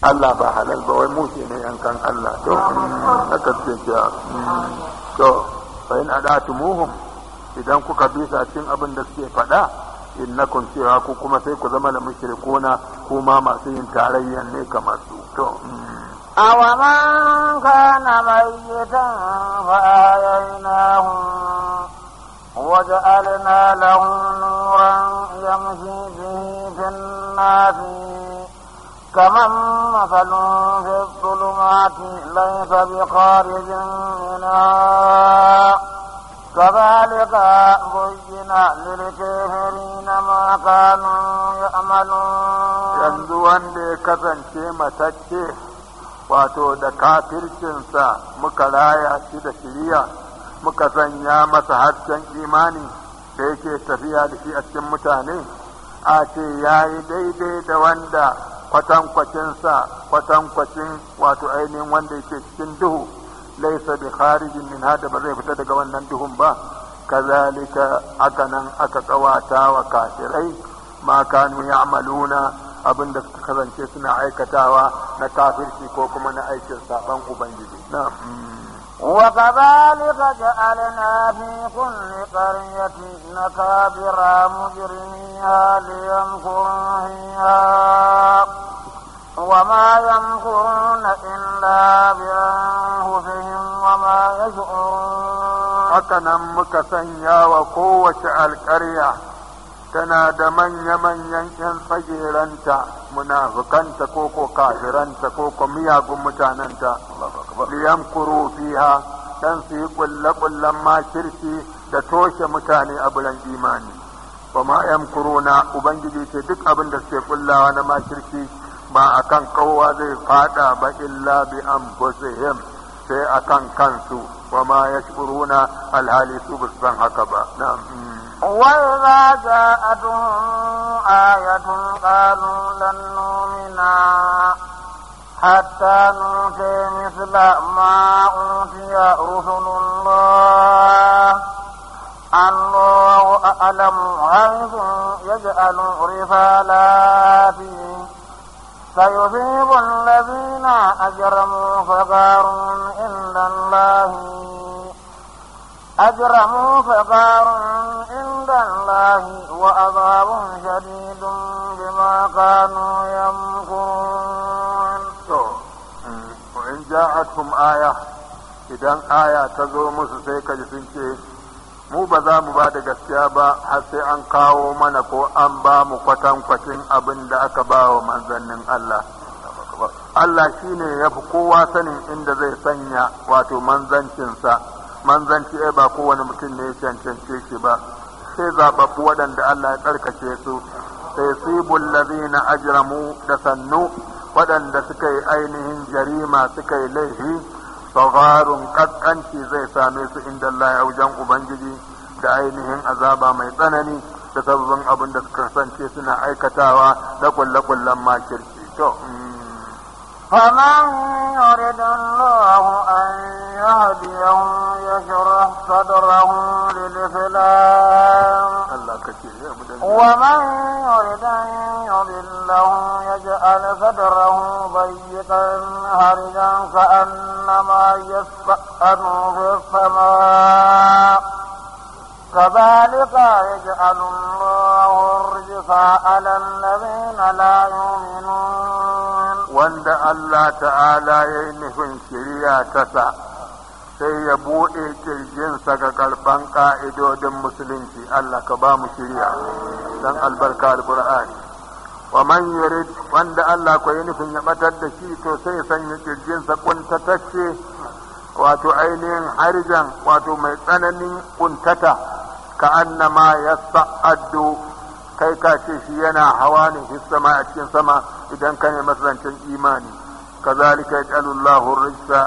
Allah ba halal ba wai mushe ne yankan Allah to haka ce cewa to fa in adatumuhum idan kuka bi su a cikin abin da suke faɗa innakum cewa ku kuma sai ku zama da mushrikuna kuma masu yin tarayyan ne kamar su to أومن كان ميتا فأحييناه وجعلنا له نورا يمشي به في الناس كمن مثل في الظلمات ليس بخارج منها كذلك زين للكافرين ما كانوا يعملون yanzu wanda ya kasance matacce wato da kafircinsa muka raya shi da shiriya muka sanya masa hasken imani da yake tafiya da shi a cikin mutane a ce ya yi daidai da wanda kwatankwacin sa kwatankwacin wato ainihin wanda yake cikin duhu laisa bi kharijin min hada ba zai fita daga wannan duhun ba kazalika aka nan aka kawata wa kafirai ma kanu ya'maluna abinda suka kasance suna aikatawa na kafirci ko kuma na aikin saban ubangiji na'am وكذلك جعلنا في كل قرية نكابر مجرميها ليمكروا فيها وما ينكرون إلا بأنفسهم وما يشعرون. haka nan وقوة القرية tana da manya-manyan 'yan tsageranta munafukanta ko ko kafiranta ko ko miyagun mutanenta liyan kuro fiha dan su yi kulle-kullen makirci da toshe mutane a bulan imani ba ma yan kuruna ubangiji ce duk abin da suke kullawa na makirci ba a kan kowa zai fada ba illa bi an sai a kan kansu wa ma ya alhali su haka ba na'am وإذا جاءتهم آية قالوا لن نؤمنا حتى نؤتي مثل ما أوتي رسل الله الله أعلم حيث يجعل رسالاته فيصيب الذين أجرموا فقار إلا الله أجرموا فقار عند الله وأضاب شديد بما كانوا يمكرون وإن جاءتهم آية idan aya ta zo musu sai mu ba za mu ba da gaskiya ba har sai an kawo mana ko an ba mu kwatankwacin abin da aka ba wa manzannin Allah Allah shine ya fi kowa sanin inda zai sanya wato manzancinsa manzanci ai ba kowane mutum ne ya cancance shi ba sai zababbu waɗanda Allah ya tsarkake su sai sibul ladina ajramu da sannu waɗanda suka yi ainihin jarima suka yi laifi sagarun kaskanci zai same su inda Allah ya wajen ubangiji da ainihin azaba mai tsanani da sabbin abin da suka kasance suna aikatawa da kulle-kullen makirci to mm. فمن يرد الله أن يهديه يشرح صدره للإسلام ومن يرد أن يضله يجعل صدره ضيقا هرجا كأنما يسأل في السماء كذلك يجعل الله الرجس على الذين لا يؤمنون wanda Allah ta'ala ya yi nufin shirya sa sai ya buɗe kirjinsa ga karɓan ƙa'idodin musulunci Allah ka ba mu shirya don albarka al-Qur'ani wa man yurid wanda Allah ko yi nufin ya batar da shi to sai ya sanya kirjinsa kuntatacce wato ainihin harjan wato mai tsananin kuntata ka annama ya sa'addu kai ka ce shi yana hawa ne sama a cikin sama idan ka ne zancen imani kazalika yaj'alu Allahu rijsa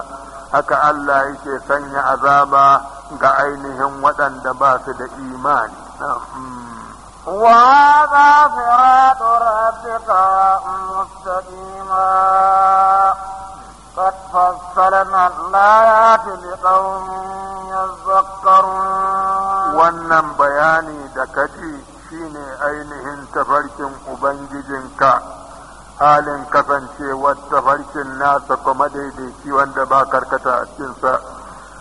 haka Allah yake sanya azaba ga ainihin waɗanda ba su da imani وهذا صراط ربك مستقيما قد فصلنا الآيات لقوم يذكرون wannan bayani da kaji shine ainihin tafarkin Ubangijinka halin kasancewar tafarkin nasa kuma daidaici wanda ba karkata a cikinsa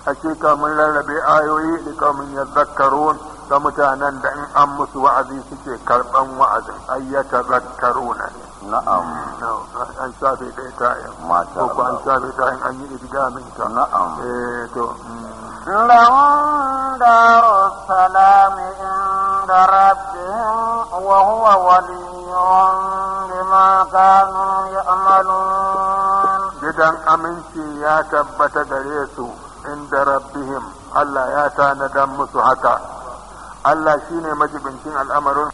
hakika mun rarrabe ayoyi da kamun ya zakkarun da mutanen da in an musu wa'azi suke karɓan wa'azin ayyata zakarunan. ne na'am an shafe ɗaya ta'in mata ko an shafe ta'in an yi ibdamin ta na'am eh to mm. lahum salami inda rabbihim wa huwa waliyun bima kanu ya'malun gidan aminci ya tabbatar gare su inda rabbihim Allah ya tanadan musu haka Allah shine majibincin al'amarin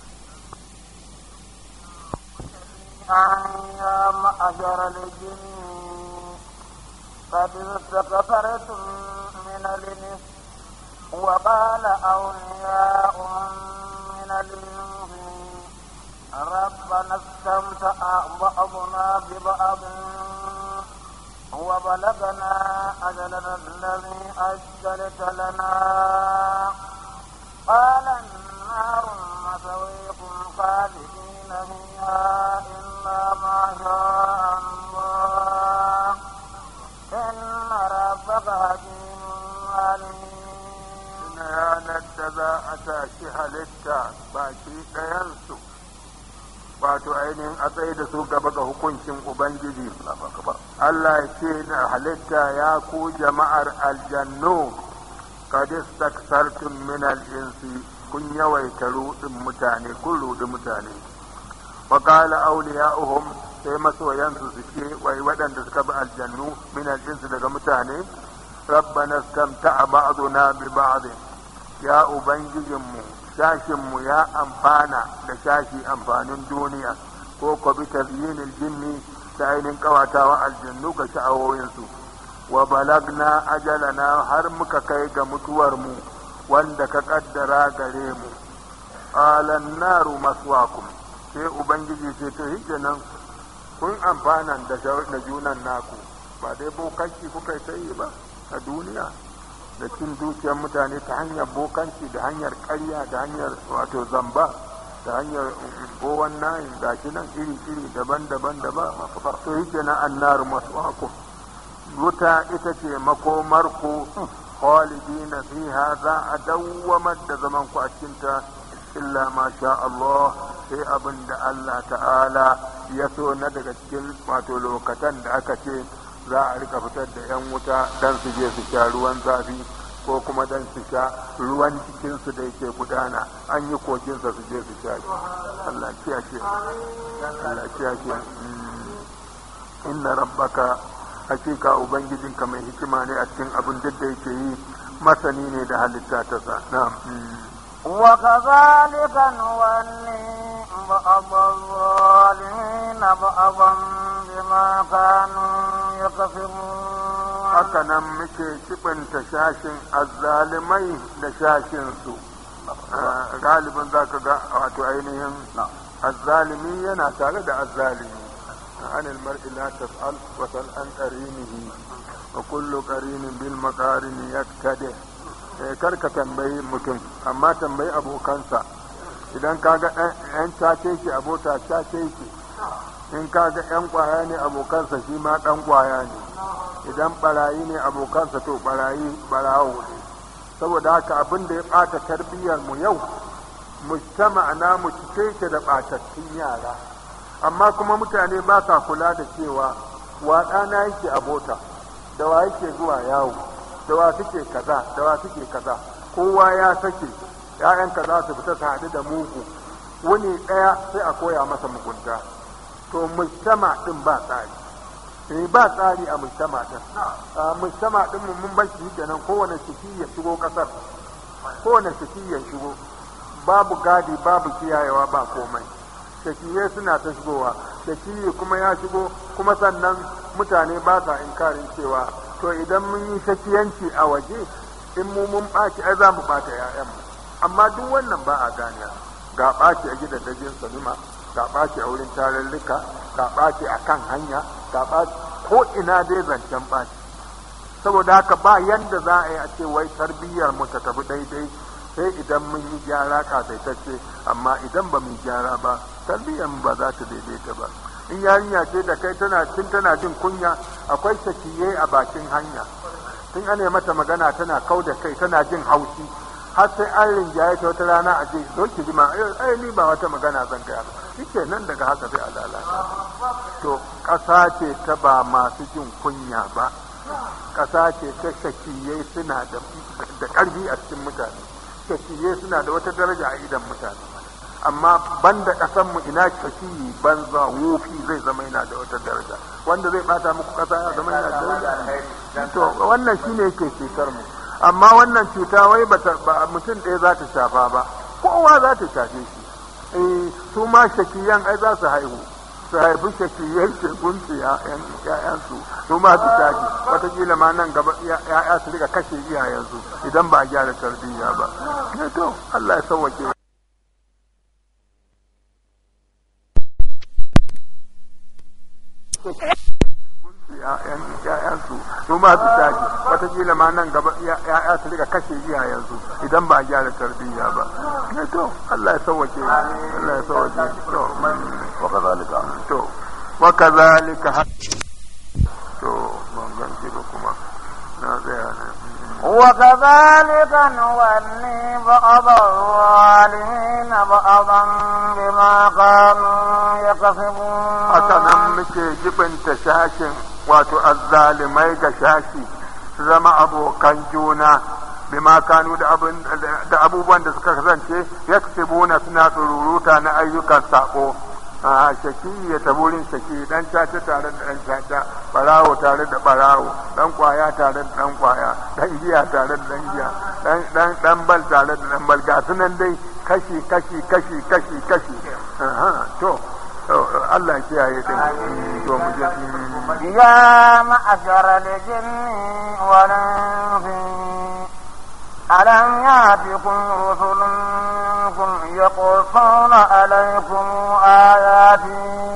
أيام أجر الجن قد استكثرتم من الإنس وقال أولياء من الإنس ربنا استمتع بعضنا ببعض وبلغنا أجلنا الذي أجلت لنا قال النار مثويكم خالدين فيها شاء الله إن ربك حكيم عليم ranar da za a tashi halitta baki ɗayansu wato ainihin a tsaye da su gaba ga hukuncin ubangiji Allah ya ce na halitta ya ku jama'ar aljannu kadis taksartun min al'insi kun yawaita rudin mutane kun rudi mutane wa qala sai masoyansu su suke wai waɗanda suka bi aljannu min aljinsu daga mutane rabbana stamta'a ba'duna bi ba'd ya ubangijinmu shashinmu ya amfana da shashi amfanin duniya ko ko bi jinni ta ainihin kawatawa aljannu ga sha'awoyinsu wa balagna ajalana har muka kai ga mutuwar mu wanda ka kaddara gare mu Alannaru naru sai ubangiji ce to hijjanan kun amfana da junan naku ba dai bokanci kuka yi sai ba a duniya da cin dukiyar mutane ta hanyar bokanci da hanyar karya da hanyar wato zamba da hanyar gowan mm, nayin da shi nan iri-iri daban-daban da ba yake na annar masu wuta ita ce makomarku khalidina fiha za a dawwamar da zaman ku a cikinta illa ma sha Allah sai abin da Allah ta'ala ya so na daga cikin wato lokatan da aka ce za a rika fitar da 'yan wuta don su je su sha ruwan zafi ko kuma don su sha ruwan cikinsu da yake gudana an yi kokinsa su je su sha shi Allah kiyashe Allah kiyashe hmm. inna rabbaka hakika ka mai hikima ne a cikin abin da yake yi masani ne da halitta ta sa na'am hmm. وكذلك نولي بعض الظالمين بعضا بما كانوا يكفرون haka nan muke kibanta shashin azzalimai da shashinsu galibin za ka ga wato ainihin azzalumi yana tare da azzalimi عن المرء لا تسأل وسل عن قرينه وكل قرين بالمقارن يقتده Eh, kar ka tambayi mutum amma tambayi abokansa idan ka ga ɗan cace shi abota cace shi in ka ga ɗan ƙwaya ne abokansa shi ma ɗan ƙwaya ne idan ɓarayi ne abokansa to ɓarayi ɓarawo ne saboda haka abin da ya ɓata tarbiyyar mu yau mujtama na mu cike ta da ɓatattun yara amma kuma mutane ba sa kula da cewa waɗana yake abota da wa yake zuwa yawo dawa suke kaza da suke kaza kowa ya sake ya'yan kaza su fita su haɗu da mugu wani ɗaya sai a koya masa mugunta to mujtama din ba tsari sai eh, ba tsari a mujtama din mujtama din mun bar shi kenan kowane ciki ya shigo kasar kowane ciki ya shigo babu gadi babu kiyayewa ba komai shakiye suna ta shigowa shakiye kuma ya shigo kuma sannan mutane ba sa inkarin cewa to idan mun yi shakiyanci a waje in mu mun ɓaci ai za mu ɓata ‘ya'yanmu amma duk wannan ba a gane ga ɓaci a gidan dajin salima ga ɓaci a wurin tarallika ga ɓaci a kan hanya ga ɓaci ko ina dai zancen ɓaci saboda haka ba yanda za a yi a ce wai tarbiyyar mu ta tafi daidai sai idan mun yi gyara kafaitacce amma idan ba mu gyara ba tarbiyyar mu ba za ta daidaita ba in yarinya ce da kai tana tun tana jin kunya akwai sakiye a bakin hanya tun ana mata magana tana kau da kai tana jin haushi har sai an rinjaye ta wata rana a je zo ki jima eh, ai ni ba wata magana zan gaya ba shike nan daga haka sai a lalata to ƙasa ce ta ba masu jin kunya ba ƙasa ce ta sakiye suna da ƙarfi a cikin mutane sakiye suna da wata daraja a idan mutane amma banda kasan mu ina kashi banza wofi zai zama yana da wata daraja wanda zai bata muku kasa ya zama yana da daraja to wannan shine yake cutar mu amma wannan cuta wai ba mutum ɗaya za ta shafa ba kowa za ta shafe shi eh su ma shakiyan ai za su haihu su haifi shakiyan shegun su ya'yan su su ma su shafi watakila ma nan gaba ya'ya su riga kashe iyayensu idan ba a gyara tarbiyya ba eh, to Allah ya sauwake ‘ya'yansu su ma su tashi watakila ma nan gaba ‘ya'ya su rika kashe iyayensu idan ba a gyara tarbiyya ba ne eh, to Allah ya sauwake Allah ya sauwake to to to ban ba kuma na tsaya وكذلك نولي بعض الوالين بعضا بما كانوا يكسبون أتنم مكي جبن تشاشن واتو الظالمي كشاشي زما أبو كنجونا بما كانوا دعبوا بان da suka kasance ya suna tsururuta na a shaki ya tabi wurin shaki dan caca tare da dan caca barawo tare da barawo dan kwaya tare da dan kwaya dan giya tare da dan giya dan dan dan bal tare da dan bal ga nan dai kashi kashi kashi kashi kashi to Allah ya kiyaye din mm, to mu je mm. ya ma'ashara da jinni wa lan fi alam ya'tikum rusulun منكم يقصون عليكم آياتي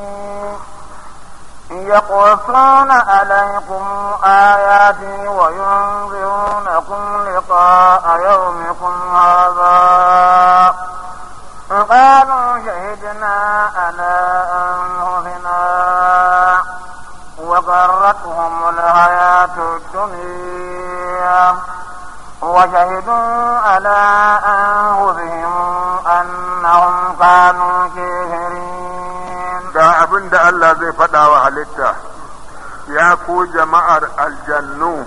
يقصون عليكم آياتي وينذرونكم لقاء يومكم هذا قالوا شهدنا على أنفسنا وغرتهم الحياة الدنيا وشهدوا على أنفسهم ke kehirin da abin da Allah zai faɗa wa halitta ya ku jama'ar aljannu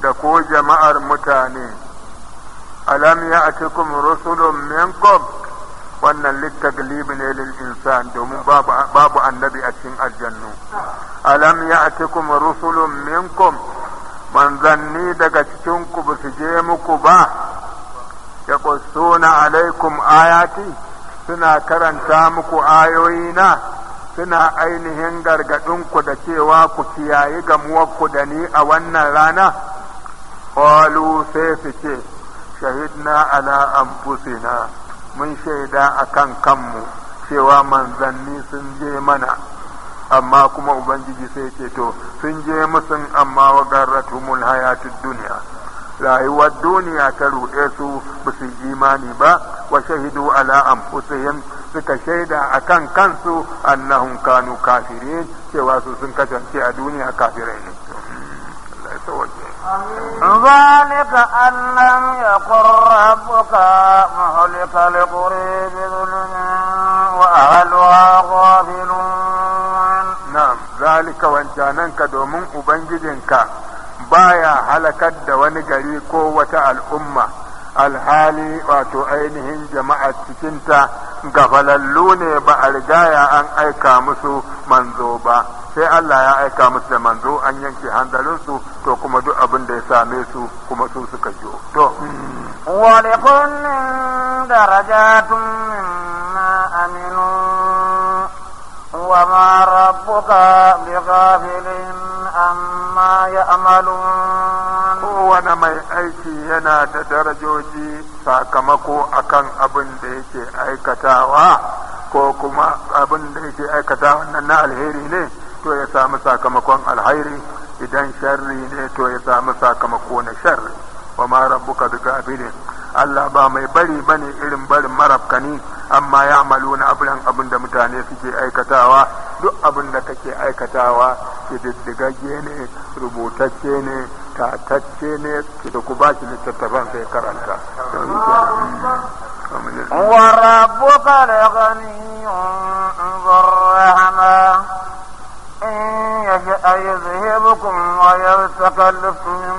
da ku jama'ar mutane alam ya a cikin rusulun minkum wannan litta galibi ne lil insan domin babu annabi a cikin aljannu alam ya a cikin rusulun minkum zanni daga cikin ku ba je muku ba ya suna alaikum ayati suna karanta muku ayoyi na suna ainihin gargaɗinku da cewa ku kiyayi gamuwarku da ni a wannan rana qalu sai su ce shahidna ala anfusina mun shaida akan kanmu cewa manzanni sun je mana amma kuma ubangiji sai ce to sun je musun amma wa garratu hayatid duniya rayuwar duniya ta ruɗe su ba su imani ba wa shahidu ala anfusihim suka shaida akan kansu annahum kanu kafirin cewa su sun kasance a duniya kafirai ne ذلك أن لم يكن ربك مهلك لقريب بظلم وأهلها غافلون نعم ذلك وانجانك دومن أبنجدنك baya halakar da wani gari ko wata al'umma alhali wato ainihin jama'a cikinta gafalallu ne ba a rigaya an aika musu manzo ba sai Allah ya aika musu da manzo an yanke su to kuma duk abin da ya same su kuma su suka jo to ولكل درجات aminu wa ربك بغافل mai aiki yana da darajoji sakamako akan abin da yake aikatawa ko kuma abin da yake aikata wannan na alheri ne to ya samu sakamakon alheri idan sharri ne to ya samu sakamako na sharri wa ma rabbuka bi Allah ba mai bari bane irin barin marafkani amma ya amalu na abin abin da mutane suke aikatawa duk abin da kake aikatawa kididdigagge ne rubutacce ne tatacce ne ki da ku ba littattafan sai karanta وربك لغني ذو يذهبكم ويتخلف من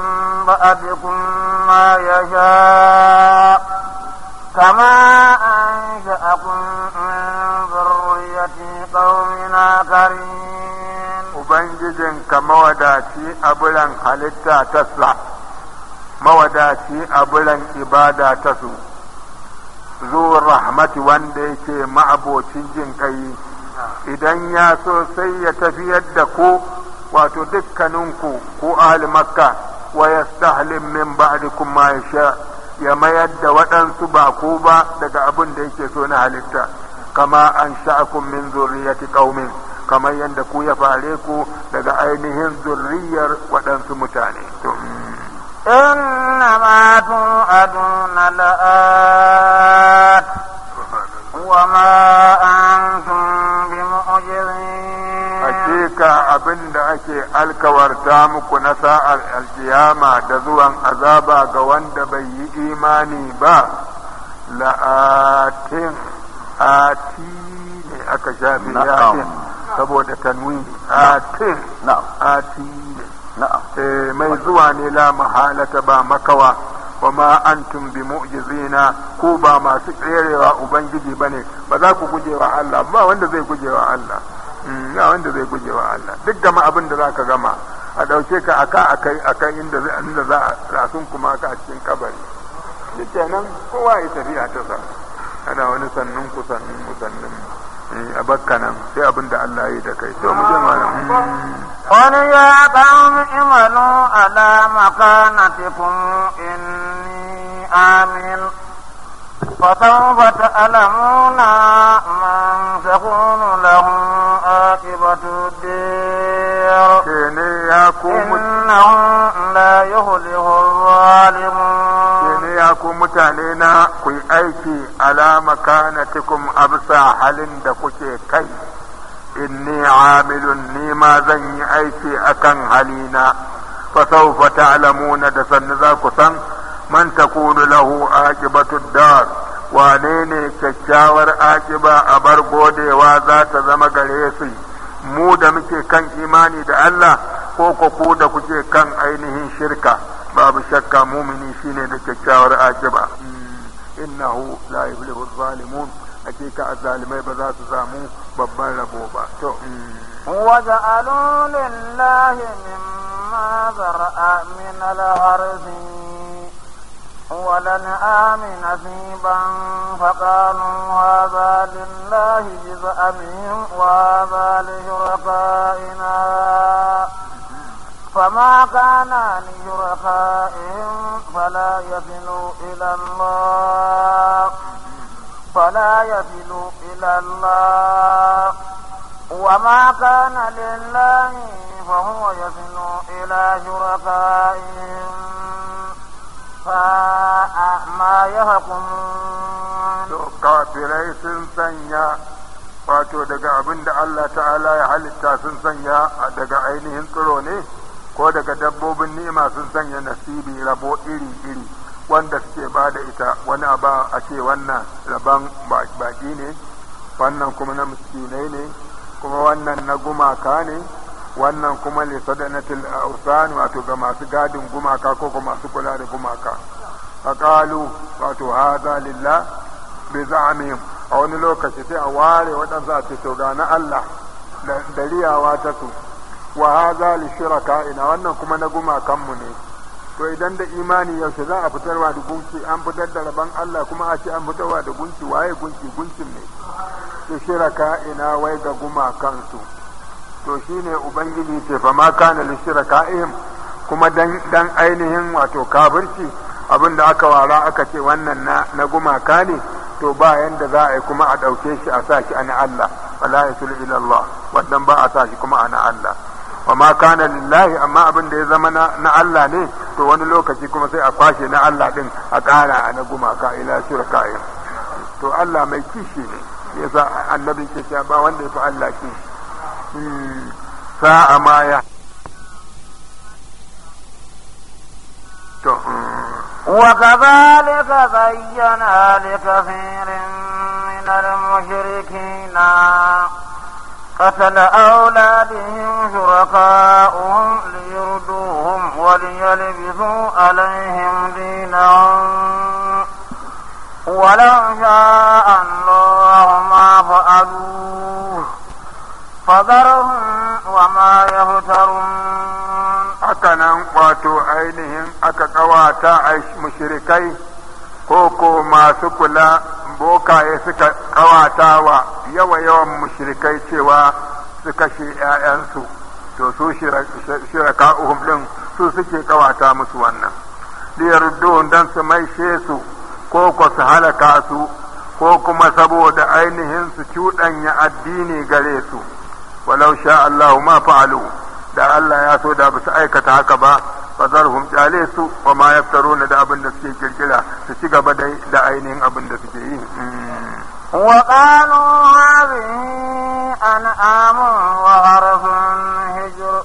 بعدكم ما يشاء كما أنشأكم من ذرية a آخرين halitta كموداتي أبلا خلتا تسلع mawadaci abulan ibada ta su zuwan rahmati wanda yake ma'abocin jin kai idan ya so sai ya tafiyar da ko. wato dukkaninku ko ahli makka wa yastahlim min ba'dikum ma yasha ya mayar da waɗansu ba ko ba daga abin da yake so na halitta kama an sha'akum min zurriyati qaumin kamar yadda ku ya fare ku daga ainihin zurriyar waɗansu mutane mm. tu'aduna توعدون wa ma abin da ake alkawarta muku na sa'ar alkiyama da zuwan azaba ga wanda bai yi imani ba la'atin ati ne aka shafi yatin saboda tanwi atin ati ne eh, mai zuwa ne la mahalata ba makawa wa ma antum bi mu'jizina ko ba masu tserewa ubangiji bane ba za ku guje Allah ba wanda zai gujewa wa Allah na wanda zai guje wa Allah duk gama abin da zaka gama a ɗauke ka aka akai akan inda inda za a sun kuma ka a cikin kabari duk kenan kowa ya tafiya ta sa ana wani sannan ku sannun mu sannun eh, a bakka nan sai abin da Allah ya da kai to mu je malam قل يا قوم اعملوا على مكانتكم إني عامل فسوف تعلمون من تكون لهم عاقبة الدير إنهم لا يهله الظالمون يكون متعنينا كي أيكي على مكانتكم أبسى حل دكوكي كي إني عامل نيما زني أيكي أكن حلينا فسوف تعلمون دسن ذاك من تكون له عاقبة الدار wane ne kyakkyawar akiba a bar godewa za ta zama gare su mu da muke kan imani da Allah ko ku da kuke kan ainihin shirka babu shakka mumini shine da kyakkyawar akiba hmm, innahu la yuflihu zalimun hakika azalimai ba za su samu babban rabo ba to وجعلوا hmm. mimma مما min al الأرض ولن آمن ثيباً فقالوا هذا لله جزء منهم وهذا لشركائنا فما كان لشركائهم فلا يصل إلى الله فلا يصل إلى الله وما كان لله فهو يصل إلى شركائهم sa'a ma to kafirai sun sanya wato daga abin da Allah ta'ala ya halitta sun sanya daga ainihin tsiro ne ko daga dabbobin ni'ima sun sanya nasibi rabo iri-iri wanda suke ba da ita wani a ce wannan rabon baki ne wannan kuma na miskinai ne kuma wannan na gumaka ne wannan kuma li sadanatil ursan wato ga masu gadin gumaka ko kuma masu kula da gumaka faqalu wato hadha lillah bi za'amihim a wani lokaci sai a ware waɗansu a ce to ga na Allah da dariyawa ta su wa hadha li shuraka'ina wannan kuma na gumakan mu ne to idan da imani yaushe za a fitarwa da gunki an fitar da rabon Allah kuma a ce an fitarwa da gunki waye gunki gunkin ne to shiraka ina wai ga gumakan su to shine ubangiji ce fa ma kana lishiraka'ihim kuma dan ainihin wato kafirci abin da aka wara aka ce wannan na na gumaka ne to ba yanda za a yi kuma a ɗauke shi a sa shi a na Allah wala yasul ila Allah wannan ba a sa kuma a na Allah wa ma kana lillahi amma abin da ya zama na Allah ne to wani lokaci kuma sai a kwashe na Allah din a ƙara a na gumaka ila shirka'in to Allah mai kishi ne yasa annabi ke ba wanda ya fi Allah kishi sa'a ma ya وكذلك زينا لكثير من المشركين قتل أولادهم شركاؤهم ليردوهم وليلبسوا عليهم دينهم ولو شاء الله ما فعلوا فذرهم وما يهترون hakanan wato ainihin aka kawata a mushrikai ko ko masu kula bokaye suka ƙawata wa yawa yawan mushrikai cewa su kashe 'ya'yansu to su shiraka uhum su suke kawata musu wannan liyarudduhun don su maishe su ko ko halaka su ko kuma saboda ainihin su cuɗanya addini gare su ولو شاء الله ما فعلوا da Allah ya so da basu aikata haka ba fa zarhum jalisu wa ma yaftarun da abin da suke kirkira su ci gaba da da ainihin abin da suke yi wa qalu hadhi an'am wa harfun hijr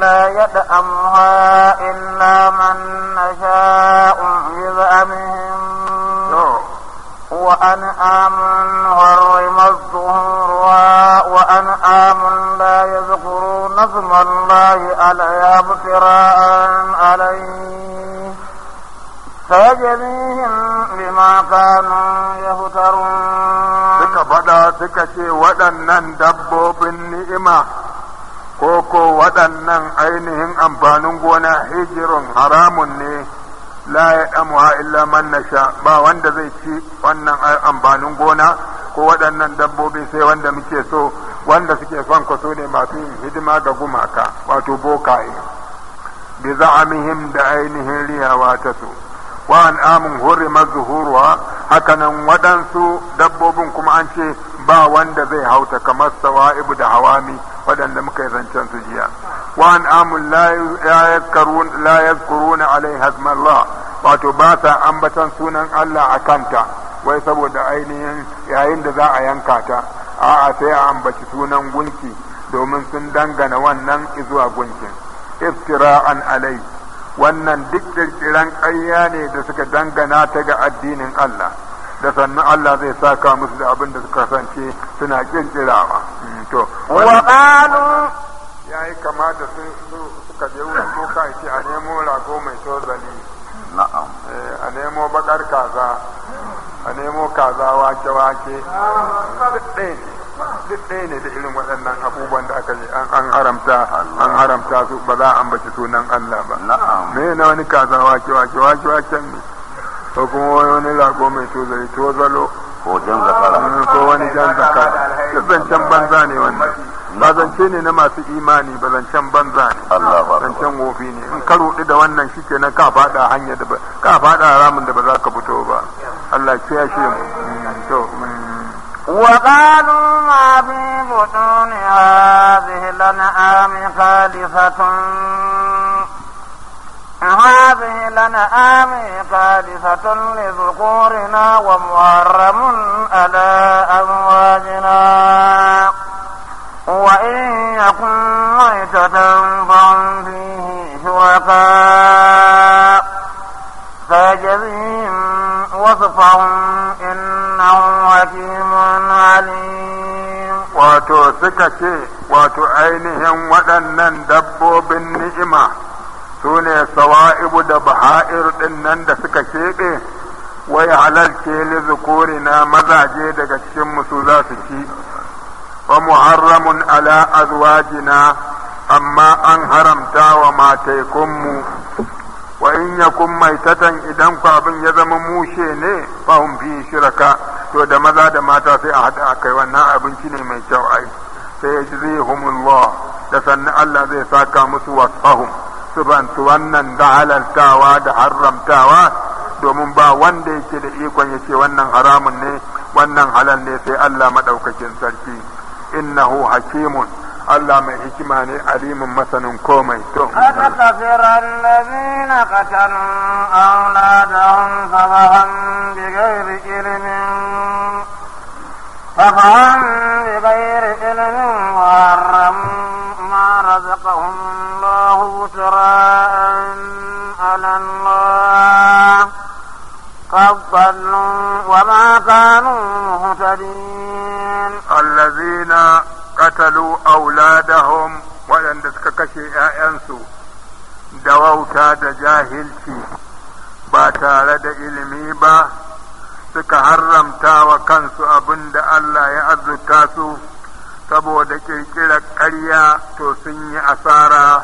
la yad'amha illa man nasha'u bi'amhim wa an'am harimat zuhur وأنعام لا يذكرون اسم الله عليها افتراء عليه فيجزيهم بما كانوا يهترون suka faɗa suka ce waɗannan dabbobin ni'ima ko ko waɗannan ainihin amfanin gona hijirun haramun ne la ya illa man nasha ba wanda zai ci wannan amfanin gona ko waɗannan dabbobi sai wanda muke so wanda suke son ku su ne masu yin hidima ga gumaka wato bokaye bi za'amihim da ainihin riyawa ta su wa an amin hurri zuhuruwa hakanan waɗansu dabbobin kuma an ce ba wanda zai hauta kamar sawa'ibu da hawami waɗanda muka yi zancen su jiya wa an amin la yazkuruna alai hazmallah wato ba sa ambatan sunan Allah a kanta wai saboda ainihin yayin da za a yanka ta a'a sai a ambaci sunan gunki domin sun dangana wannan zuwa gunkin an alai wannan duk kirkiran ƙarya ne da suka dangana ta ga addinin Allah da sannu Allah zai saka musu da abin da suka kasance suna kirkirawa hmm, to wa yayi kama da sun suka je wurin doka a nemo rago mai tozali na'am eh, a nemo bakar kaza a nemo kaza wake wake duk ɗaya ne da irin waɗannan abubuwan da aka yi an haramta an haramta su ba za a ambaci sunan Allah ba me na wani kaza wake wake wake waken ne ko kuma wani rago mai tozali tozalo ko jan zakara hmm, ko wani jan zakara duk zancen banza ne wannan ba zance ne na masu imani ba zancen banza ne zancen wofi ne in ka da wannan shi na ka faɗa hanya da ka faɗa ramin da ba za ka fito ba Allah kiyashe mu to وقالوا ما في بطون هذه الأنعام خالصة هذه الأنعام خالصة لذكورنا ومحرم على أمواجنا وإن يكن ميتة فهم فيه شركاء سيجزيهم وصفهم إنه حكيم عليم wato suka ce wato ainihin waɗannan dabbobin ni'ima su ne sawa'ibu da baha'ir ɗin nan da suka keɓe wai halarce li zukuri na mazaje daga cikin musu za su ci wa muharramun ala azwajina amma an haramta wa mataikunmu wa in yakun maitatan idan ku abin ya zama mushe ne fa hum fi shiraka to da maza da mata sai a hada kai wannan abinci ne mai kyau ai sai yajzihumullah da sannan Allah zai saka musu wasfahum subantu wannan da halaltawa da haramtawa domin ba wanda yake da ikon ya ce wannan haramun ne wannan halal ne sai Allah madaukakin sarki innahu hakimun Allah mai hikima ne alimin masanin komai to. Kata kafiran da zina kacan aula da hansa ba qatalu auladahum waɗanda suka kashe 'ya'yansu da wauta da jahilci ba tare da ilimi ba suka haramta wa kansu abin da Allah ya azurta su saboda ƙirƙirar ƙarya to sun yi asara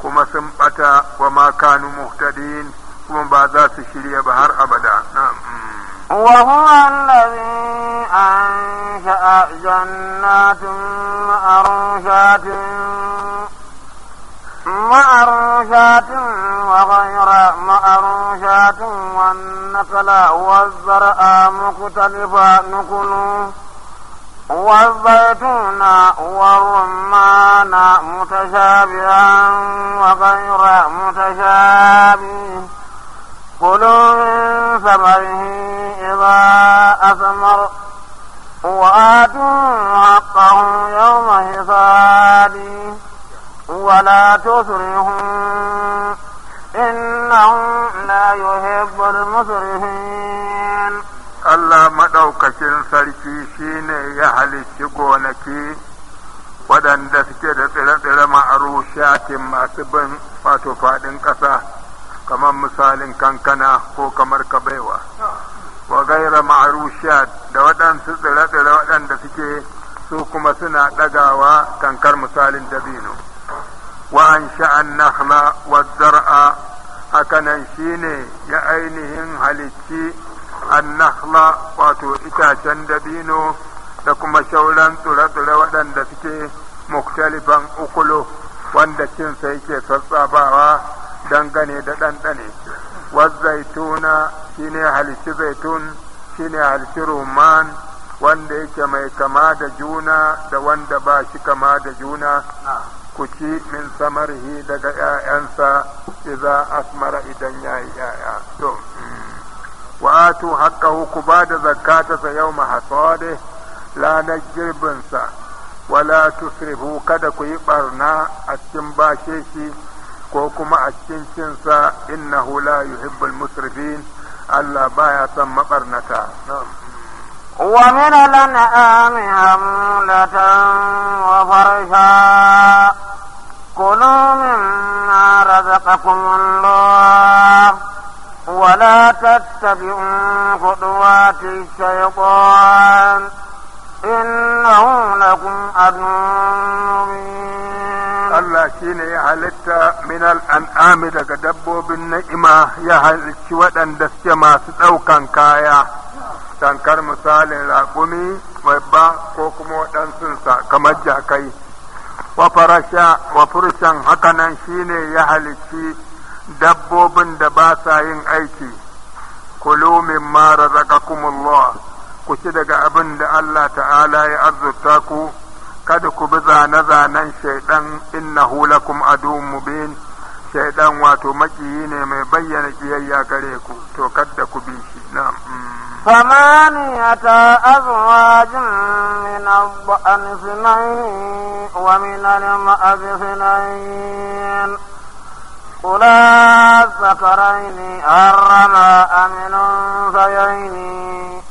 kuma sun ɓata wa makanu muhtadin kuma ba za su shirya ba har abada وهو الذي أنشأ جنات مأروشات مأروشات وغير مأروشات والنقل والزرع مختلفا نقل والزيتون والرمان متشابها وغير متشابه كلوا من ثمره إذا أثمر وآتوا حقه يوم حصاده ولا تسرفوا إنه لا يحب المسرفين Allah maɗaukakin sarki shine ya halicci gonaki waɗanda suke da tsire-tsire ma'arushatin masu bin wato faɗin ƙasa. kamar misalin kankana ko kamar kabaiwa wa gaira ma'arushiyar da waɗansu tsire-tsire waɗanda suke su kuma suna ɗagawa kankar misalin dabino wa an sha'an nahla wa zar'a hakanan ne ya ainihin halicci an nahla wato itacen dabino da kuma shauran tsire-tsire waɗanda suke muktalifan ukulo wanda cinsa yake sassabawa dangane da ɗanɗane shi shine halici zaitun shine halici roman wanda yake mai kama da juna da wanda ba shi kama da juna ku ci min samarhi daga ‘ya'yansa iza asmara idan ya yi ‘ya'ya to mm. wa atu ku ba da zakatarsa yau mahasode lanar girbinsa wala tusrifu kada ku yi ɓarna a cikin bashe shi وكما اتشنشن سا انه لا يحب المسرفين الا باية تم قرنكا نعم. ومن الانعام حملة وفرشا كلوا مما رزقكم الله ولا تتبعوا خطوات الشيطان انه لكم عدو مبين Allah ne ya halitta minal an'ami daga dabbobin na'ima ya halicci waɗanda suke masu ɗaukan kaya tankar misalin raƙumi babba ko kuma waɗansunsa kamar jakai wa farasha wa nan shine ya halicci dabbobin da ba sa yin aiki kulu mimma razaqakumullah ku ci daga abin da Allah ta'ala ya arzuta ku kada ku bi zane-zanen shaidan innahu lakum adu mubin shaidan wato makiyi ne mai bayyana kiyayya gare ku to kada ku bi shi na ثمانية أزواج من الضأن اثنين ومن kula اثنين قل الذكرين حرم أم الأنثيين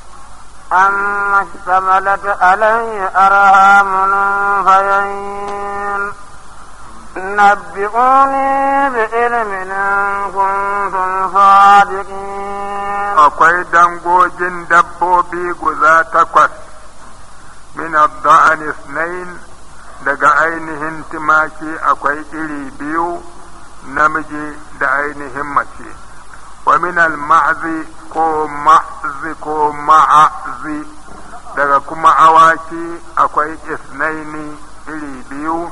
أما اشتملت عليه أرام فيين نبئوني بعلم إن كنتم صادقين أقوي دبو بي قزا تكوس من الضعن اثنين دقا ainihin tumaki akwai إلي بيو نمجي da ainihin wa al-ma'zi ko ma'zi ko ma'azi daga kuma awaki akwai isnaini iri biyu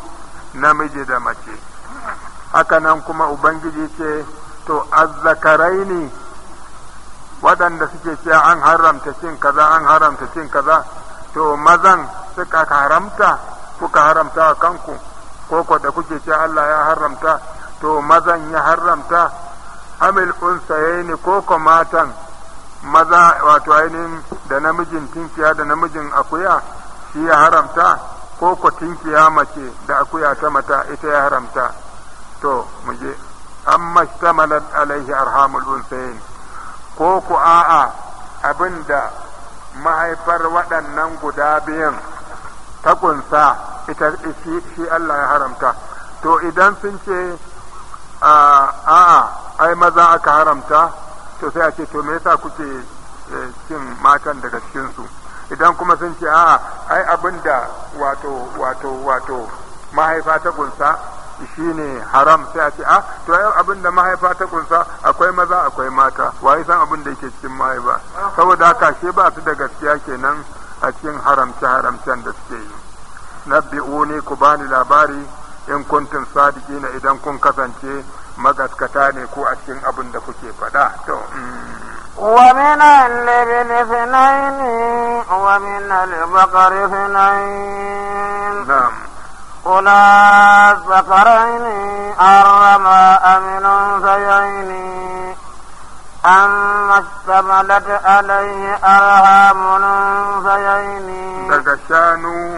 namiji da mace hakanan kuma ubangiji ce to azzakaraini waɗanda suke ce an haramta cin kaza an haramta cin kaza to mazan suka haramta kuka haramta a kanku ko da kuke ce Allah ya haramta to mazan ya haramta amil unsayaini ko ko matan maza wato ainihin da namijin tinkiya da namijin akuya shi ya haramta ko ko tinkiya mace da akuya ta mata ita ya haramta to mu amma shtamalat alaihi arhamul unsayin ko ku a'a abinda mahaifar waɗannan guda biyan ta kunsa ita shi Allah ya haramta to idan sun ce a'a ai maza aka haramta to sai a ce to me yasa kuke eh, cin matan daga cikin su idan kuma sun ce a'a ai abinda wato wato wato mahaifa ta gunsa shine haram sai a ce a to ai abinda mahaifa ta kunsa akwai maza akwai mata waye san abin da yake cikin mahaifa saboda haka shi ba su da gaskiya kenan a cikin haramce haramcen da suke yi ne ku bani labari in kuntum na idan kun kasance magaskata ne ko a cikin abin da kuke faɗa to mm. wa mena lebe ne fe ni wa mena le bakare fe nai nam ona zakarai ni arama aminon sayaini أما اشتملت عليه أرهام الأنثيين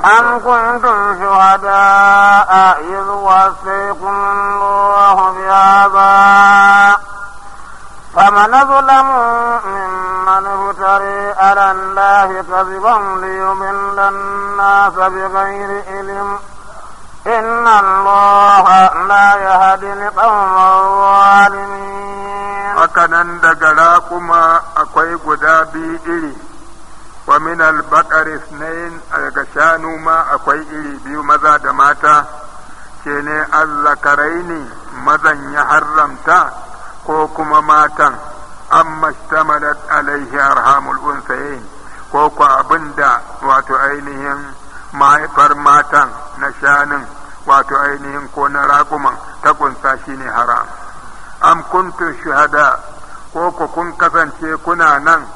أم كنتم شهداء إذ وصيكم الله بهذا فمن ظلم ممن افتري على الله كذبا ليضل الناس بغير علم إن الله لا يهدي القوم الظالمين nan daga raƙuma akwai guda biyu iri wa min albaqari ithnain daga shanu ma akwai iri biyu maza da mata ce ne azzakaraini mazan ya haramta ko kuma matan amma shtamalat alaihi arhamul unsayin ko ku abinda wato ainihin mahaifar matan na shanin wato ainihin ko na raƙuman ta kunsa shine haram am kuntu shuhada ko ku kun kasance kuna nan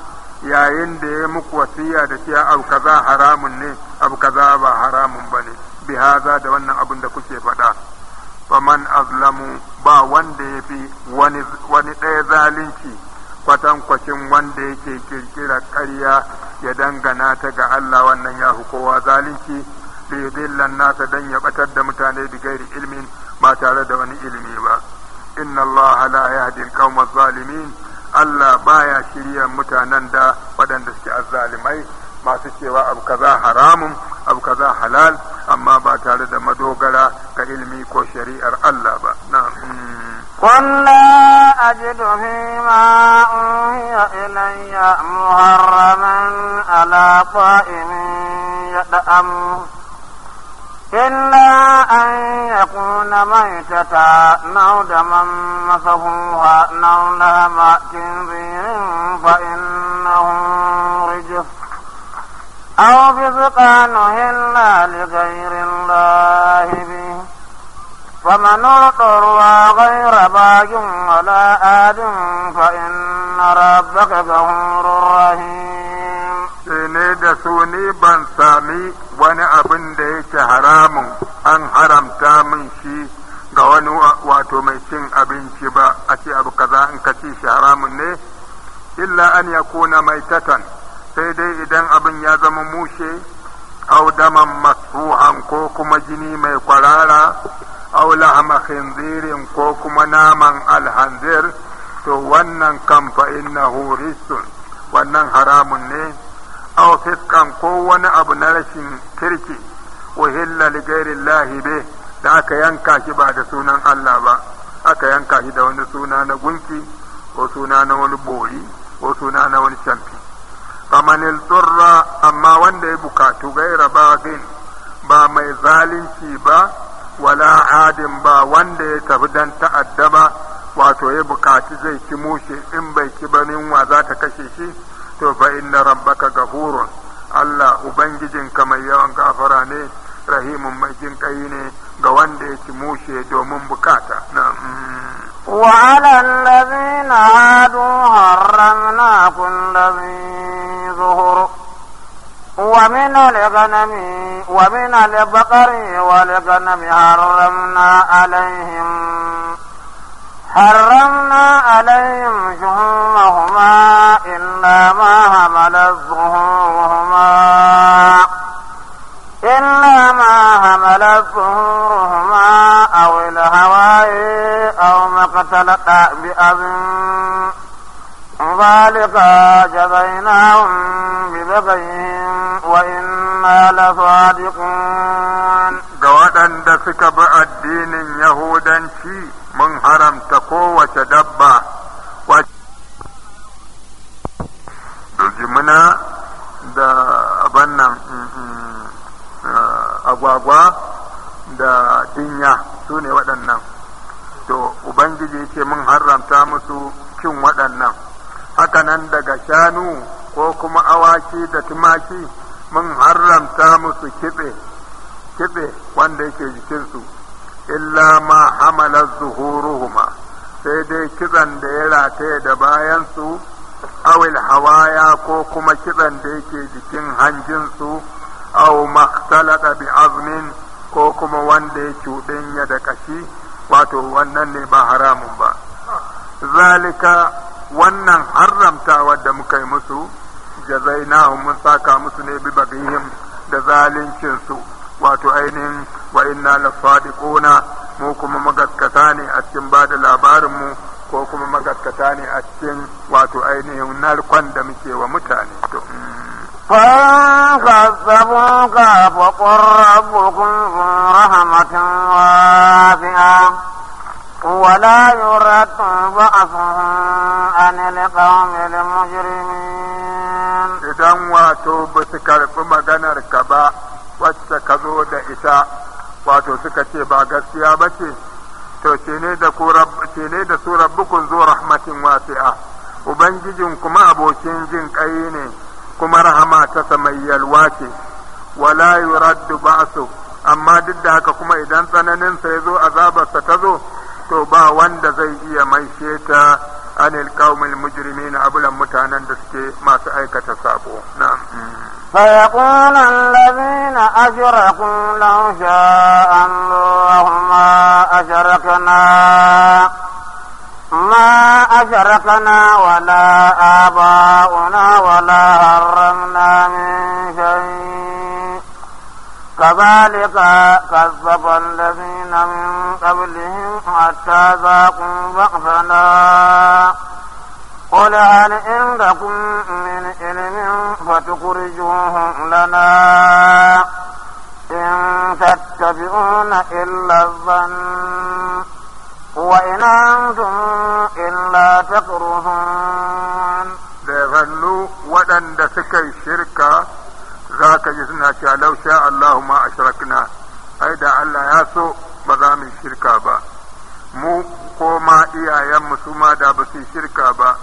yayin da ya muku wasiya da cewa abu kaza haramun ne abu kaza ba haramun ba ne bi haza da wannan abin da kuke faɗa faman azlamu ba wanda ya fi wani ɗaya zalunci kwatankwacin wanda yake kirkira ƙarya ya dangana ta ga Allah wannan ya kowa zalunci bi dillan nasa dan ya batar da mutane da gairi ilmin ba tare da wani ilmi ba inna Allah la yahdi al-qawma zalimin Allah baya shirya mutanen da waɗanda suke azzalimai masu cewa abu kaza haramun abu kaza halal amma ba tare da madogara ga ilmi ko shari'ar Allah ba na'am قل لا ma ya ilayya muharraman ala على ya da'amu إلا أن يكون ميتة أو دما مسفوها أو لهم تنظير فإنه رجس أو فسقا نهلا لغير الله به فمن اضطر غير باج ولا آد فإن ربك غفور رحيم da su ni ban sami wani abin da yake haramun an haramta min shi ga wani wato mai cin abinci ba a ce abu kaza in ka ci shi haramun ne illa an ya kuna mai tatan sai dai idan abin ya zama mushe au daman masruhan ko kuma jini mai kwarara au lahama khinzirin ko kuma naman alhanzir to wannan kamfa innahu risun wannan haramun ne aw fiskan ko wani abu na rashin kirki uhilla li llahi be da aka yanka shi ba da sunan Allah ba aka yanka shi da wani suna na gunki ko suna na wani bori ko suna na wani camfi faman turra amma wanda ya bukatu gaira bagin ba mai zalunci ba wala adin ba wanda ya tafi dan ta'adda ba wato ya bukaci zai ci mushe in bai ci ba wa za ta kashe shi to fa inna rabbaka gafurun Allah ubangijinka mai yawan gafara ne rahimun mai jin kai ne ga wanda ya ci mushe domin bukata na وعلى الذين عادوا حرمنا كل ظهر ومن الغنم ومن البقر والغنم حرمنا عليهم حرمنا عليهم شهور ما حملت الظهورهما إلا ما حملت الظهورهما أو الهوائي أو ما اقتل بأب ذلك جزيناهم ببغيهم وإنا لصادقون ga waɗanda suka يهودا addinin من mun haramta kowace dabba muna da abin nan mm, mm, uh, agwagwa da dinya su ne waɗannan to ubangiji ce mun haramta musu cin waɗannan hakanan daga shanu ko kuma awaki da tumaki mun haramta musu kitse kitse wanda yake jikinsu illa ma hamala zuhuruhuma sai dai kitsan da ya rataye da bayansu awil hawaya ko kuma kitson da yake jikin hanjinsu aw makhtalata bi azmin ko kuma wanda ya cuɗanya da kashi wato wannan ne ba haramun ba zalika wannan haramtawa da muka yi musu jazainahum mun saka musu ne bi bagihim da zalincin su wato ainihin wa inna lasadiquna mu kuma magaskata ne a cikin bada labarin mu Ko kuma maƙarƙata ne a cikin wato ainihin narkon da muke wa mutane to. Mm. Farin zazzaɓi ka fi rabbu ƙunƙun rahmatan wani hafiya, walayu ratu ba a san an yi da Idan wato ba su karɓi maganar ka ba, wacce kazo da ita? Wato suka ce ba gaskiya ba ce? to ne da ku cele da su rabbukun zu rahmatin wasi'a ubangijin kuma abokin jin kai ne kuma rahama ta samayyalwa ce wala yuraddu ba'su amma duk da haka kuma idan tsananin sa yazo azabarsa ta zo to ba wanda zai iya maishe ta anil qaumil mujrimin abulan mutanen da suke masu aikata sabo na'am فيقول الذين أشركوا لو شاء الله ما أشركنا ما أشركنا ولا آباؤنا ولا حرمنا من شيء كذلك كذب الذين من قبلهم حتى ذاقوا بأسنا قل هل عندكم من علم فتخرجوه لنا إن تتبعون إلا الظن وإن أنتم إلا تكرهون da waɗanda suka شركة za ka ji suna cewa lau sha Allahu ma ashrakna ai da Allah ya so ba za mu shirka ba mu ko ma iyayenmu su ma da ba su shirka ba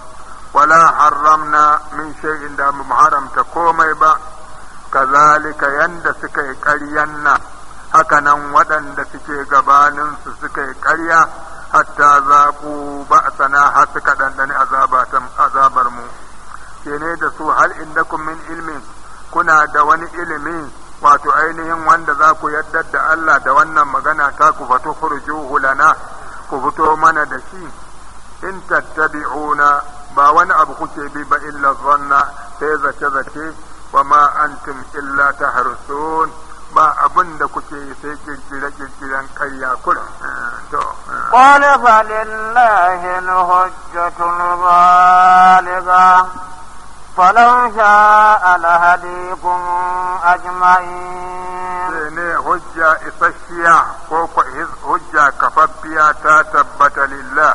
wala haramna min shay'in da mu haramta komai ba kazalika yanda suka yi ƙaryan nan haka nan waɗanda suke gabanin su suka yi ƙarya hatta za ku ba a sana har suka ɗanɗani azabar mu kene da su hal inda min ilmin kuna da wani ilimi wato ainihin wanda za ku yadda da Allah da wannan magana ta ku fato furju na ku fito mana da shi in tattabi'una ba wani abu kuke bi ba illa zanna sai zace zace wa ma antum illa taharsun ba abin da kuke yi sai kirkire kirkiren karya kula to eh. qala fa lillahi al-hujjatul baligha فلو شاء لهديكم أجمعين لأن هجة إسشيا كوكو هجة كفبيا تتبت لله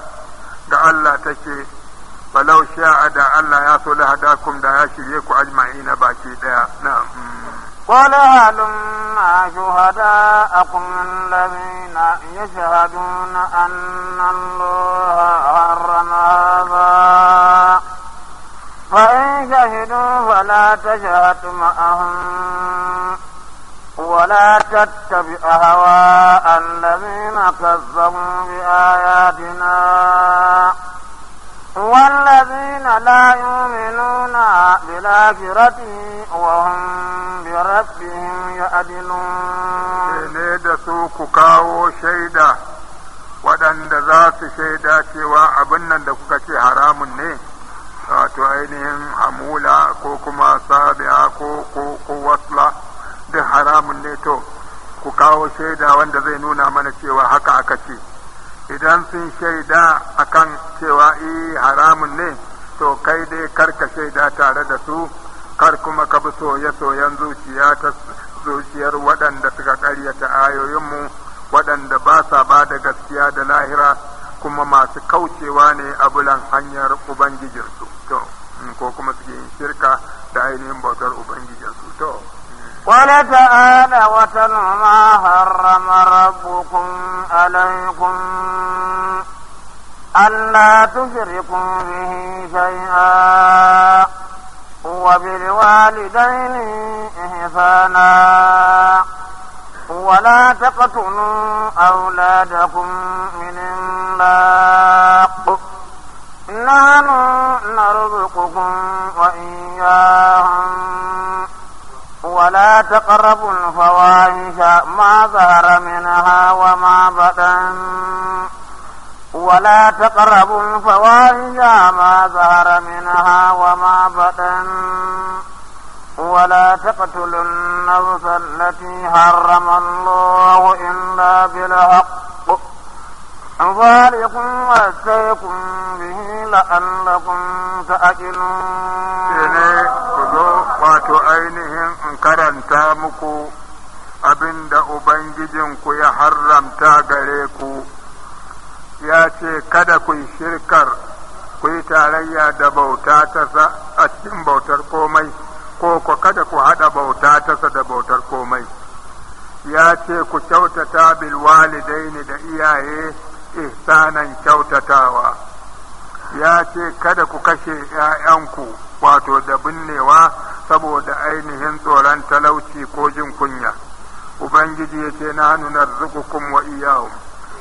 da Allah take falau sha'a da Allah ya so lahadakum da ya shirye ku ajma'ina baki daya na قل هلما شهداءكم الذين يشهدون أن الله حرم هذا شهدوا فلا تشهد معهم ولا تتبع أهواء الذين كذبوا بآياتنا والذين لا يؤمنون بالآخرة وهم بربهم يعدلون ne da su ku kawo shaida waɗanda za su shaida cewa abin nan da kuka ce haramun ne wato ainihin amula ko kuma sabiya ko ko wasla duk haramun ne to ku kawo shaida wanda zai nuna mana cewa haka aka ce idan sun shaida akan cewa i eh, haramun ne to kai dai karka shaida tare da su kar kuma ka bi soye-soyen zuciya ta zuciyar waɗanda suka ƙaryata ayoyinmu waɗanda ba sa ba da gaskiya da lahira kuma masu kaucewa ne a bulan hanyar ubangijinsu kyau ko kuma suke yin shirka da ainihin bautar ubangiji su to wani ta'ala wata noma harrama rabbukum alaikum Allah tushrikum bihi shay'a wa bil walidaini ihsana ولا تقتلوا أولادكم من الله نحن نرزقكم وإياهم ولا تقربوا الفواحش ما ظهر منها وما بطن ولا تقربوا الفواحش ما ظهر منها وما بطن ولا تقتلوا النفس التي حرم الله إلا بالحق ذلكم وأتيكم به لعلكم تأكلون wato ainihin in karanta muku abinda da Ubangijinku ya haramta gare ku, ya ce, Kada ku yi shirkar, ku yi tarayya da bauta ta a cikin bautar komai, ko ku kada ku haɗa bauta ta da bautar komai. Ya ce, Ku kyautata bilwalidai ne da iyaye. ihsanan kyautatawa ya ce kada ku kashe ‘ya'yanku wato da binnewa saboda ainihin tsoron talauci ko jin kunya ubangiji ya ce na nunar zukukun wa iyawu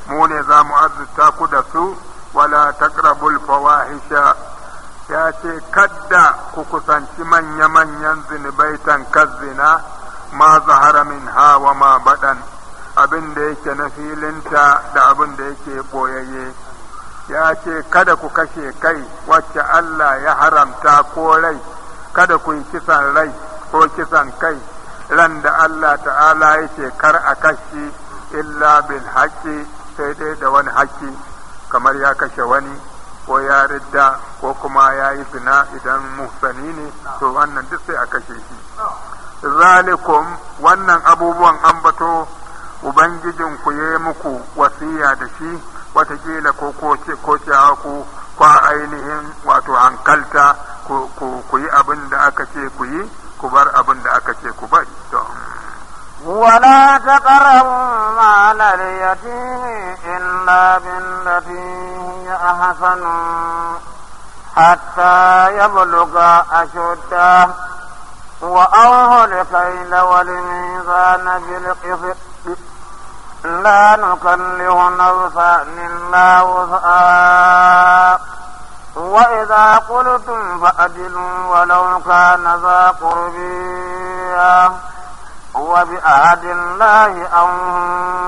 mu ne za mu arzuta ku da su wala taqrabul fawahisha ya ce kadda ku kusanci manya-manyan zinibaitan kazzina, ma zahara min hawa ma baɗan abin da yake na filinta da abin da yake boyayye ya ce kada ku kashe kai wacce Allah ya haramta ko rai kada ku yi kisan rai ko kisan kai ran da Allah ta'ala ya ce kar a kashi illa bil haƙi sai dai da wani haƙi kamar ya kashe wani ko ya ridda ko kuma ya yi zina idan musani ne to wannan duk sai a kashe shi zalikum wannan abubuwan ambato ubangijin ku yi muku wasiya da shi watakila ko ko ku kwa ainihin wato hankalta ku yi abin da aka ce ku yi ku bar abin da aka ce ku bari ولا تقربوا مال اليتيم إلا بالتي هي أحسن حتى يبلغ أشده وأوه الكيل والميزان بالقسط لا نكله نفسا إلا وسعا وإذا قلتم فأجلوا ولو كان ذا قربيا وبأهد الله أوه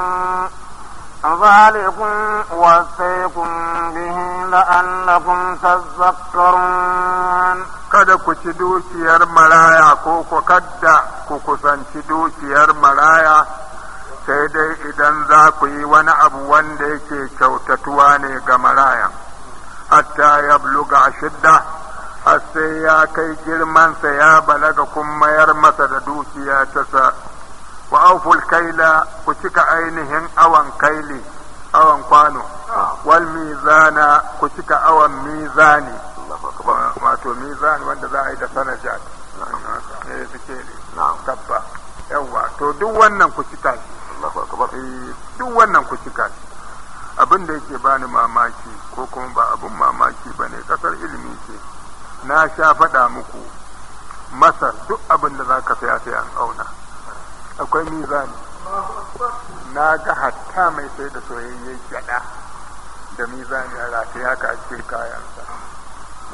ذلكم وصيكم به لعلكم تذكرون kada ku ci dukiyar maraya ko ku kadda ku kusanci dukiyar maraya sai dai idan za ku yi wani abu wanda yake kyautatuwa ne ga maraya hatta ya bluga shidda har sai ya kai girmansa ya balaga kun mayar masa da dukiya ta sa wa auful kaila ku cika ainihin awan kaili awan kwano wal mizana ku cika awan mizani wato mizani wanda za a yi da sanajat ya suke ne tabba yawa to duk wannan ku ci shi eh, duk wannan ku cika shi abin da yake bani mamaki ko kuma ba abin mamaki ba ne kasar ilimi ce na sha faɗa muku masar duk abin da za ka saya sai an auna akwai mizani na ga hatta mai sai da soyayya gyaɗa da mizani a rafi haka a cikin kayansa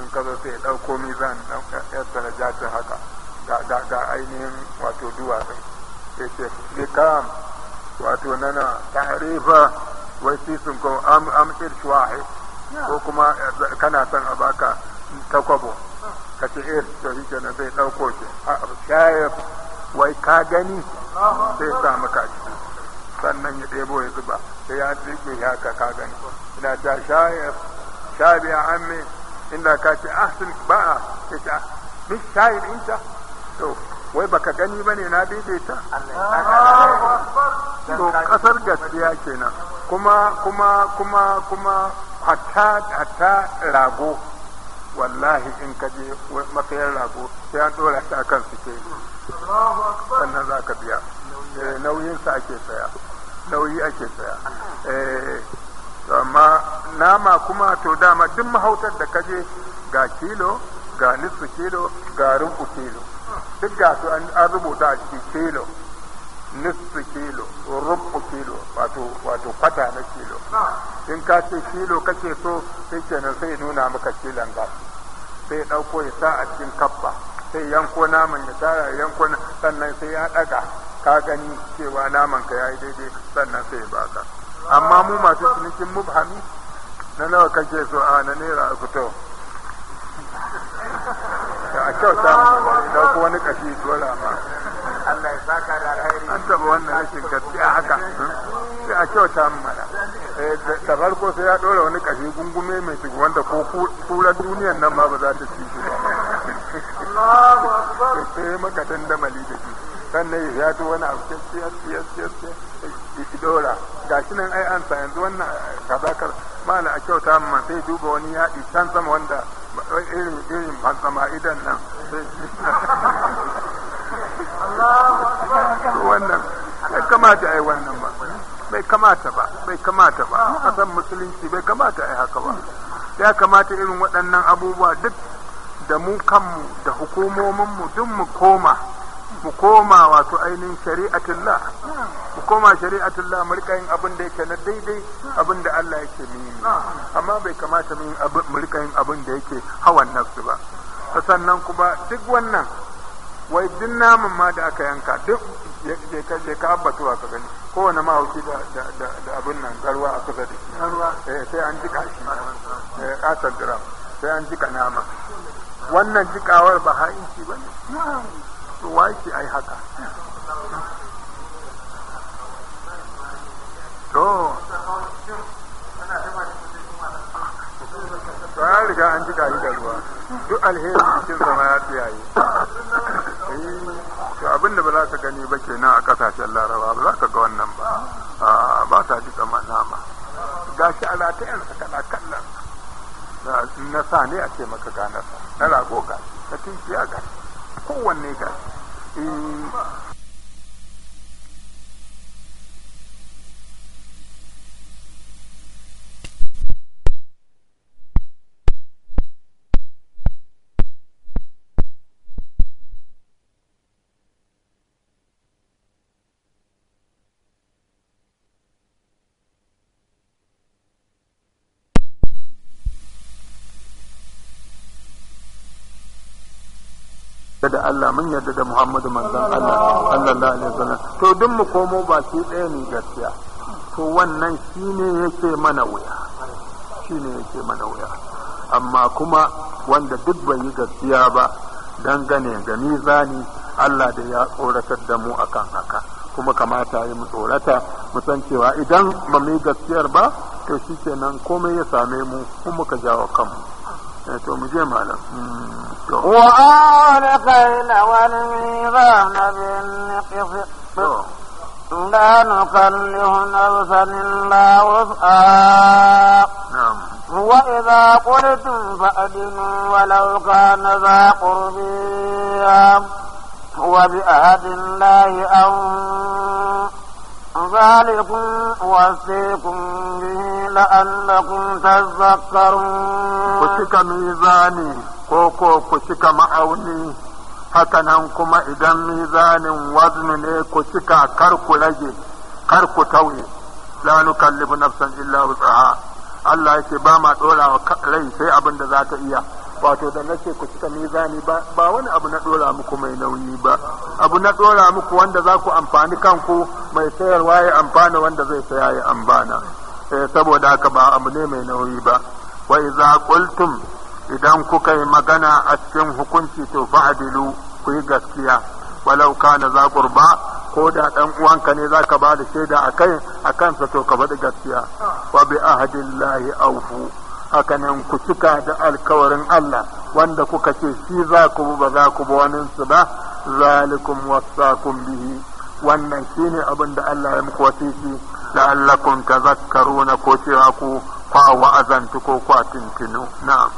in ka zo sai ya ɗauko mizani ɗan ɗan haka da ainihin wato duwatsu ya ce likam wato nana tahrifa wai sun ko am am ko kuma eh, kana son a baka takwabo ka ce ir eh, to shi kenan zai dauko shi a shayar wai ka gani sai sa maka ciki sannan ya ɗebo ya zuba sai ya tsike ya ka ka gani ina ta shayar shabi a amme inda ka ce ahsin ba'a ta ce mis ah, shayar inta to wai baka gani bane na daidaita to kasar gaskiya kenan kuma kuma kuma kuma hatta hatta rago wallahi in ka je matsayin rago sai an dora shi akan suke sannan za ka biya eh, Nauyin sa ake saya nauyi ake saya eh, amma nama kuma to dama duk mahautar da kaje ga kilo ga nisu kilo ga rubu kilo duk da su an rubuta a cikin kilo nisfu kilo rubu kilo wato wato kwata na kilo in ka ce kilo kake so sai kenan sai nuna maka kilon gas sai ɗauko ya sa a cikin kabba sai yanko naman ya tara yanko sannan sai ya ɗaga ka gani cewa naman ka yayi daidai sannan sai ya baka amma mu masu cinikin mubhami na nawa kake so a na naira fito kyauta da ku wani kashi dole ma Allah ya saka da alheri an taba wannan rashin gaskiya haka sai a kyauta mana eh, da farko sai ya dora wani kashi gungume mai shigo wanda ko kura duniyan nan ma ba za ta ci shi ba Allahu akbar sai eh, maka mali da shi sannan ya yato wani abu kyakkyar kyakkyar dora gashi nan ai an sa yanzu wannan eh, kaza kaza mala a kyauta man sai duba wani yaɗi can sama wanda irin irin fankama idan nan wannan bai kamata ai wannan ba bai kamata ba bai kamata ba a san musulunci bai kamata ai haka ba ya kamata irin waɗannan abubuwa duk da mu kanmu da hukumominmu duk mu koma mu koma wato ainihin la mu koma shari'atullah mu rika yin abin da yake na daidai abin da Allah yake mini amma bai kamata mu mu rika yin abin da yake hawan nafsu ba sannan kuma duk wannan wai duk namun ma da aka yanka duk je ka je ka abbatuwa ka gani kowane hauki da da abin nan garwa a kusa da shi eh sai an jika shi eh katar gram sai an jika nama wannan jikawar ba ha'inci bane to ki ai haka to ya riga an ji gari da ruwa duk alheri cikin zama ya tsiyaye eh, to abin da ba za ka gani ba kenan a kasashen laraba ba za ka ga wannan ba ba ta ji tsaman nama shi a ratayensa kana kallon na sa ne a ce maka ganar na rago gashi na tunkiya ga kowanne gashi Mm. da Allah mun yarda da Muhammadu manzon Allah sallallahu alaihi wasallam to duk mu komo baki ɗaya ne gaskiya to wannan shine yake mana wuya shine yake mana wuya amma kuma wanda duk bai yi gaskiya ba dangane ga zani Allah da ya tsoratar da mu akan haka kuma kamata yi mu tsorata mu san cewa idan ba mu yi gaskiyar ba to shikenan komai ya same mu kuma ka jawo kanmu وآل الكيل والميزان بالقسط لا نكلف نفسا إلا وسعها نعم وإذا قلتم فأدنوا ولو كان ذا قربى وبعهد الله أوفوا ذلكم وصيكم به لعلكم تذكرون كشك ميزاني كوكو كشك معوني haka nan kuma idan mizanin wazni ne ku cika kar ku rage kar ku tauye la nukallifu nafsan illa wus'aha Allah yake ba ma dora wa rai sai abin da za ta iya wato da nake ku cika mizani ba ba wani abu na dora muku mai nauyi ba abu na dora muku wanda za ku amfani kanku mai sayarwa ya amfana wanda zai saya ya amfana eh, saboda haka ba abu ne mai nauyi ba wa idza qultum idan kuka yi magana a cikin hukunci to fa'dilu ku yi gaskiya walau kana za ba. ko da dan uwanka ne zaka ba da shaida kai a kansa to ka faɗi gaskiya wa bi ahdillahi awfu hakanan ku cika da alkawarin Allah wanda kuka ce shi za ku ba za ku ba waninsu ba zalikum wasakum bihi wannan shine abin da Allah ya muku wasiki la'allakum tazakkaruna ko cewa ku kwa wa'azantu ko kwa tuntunu na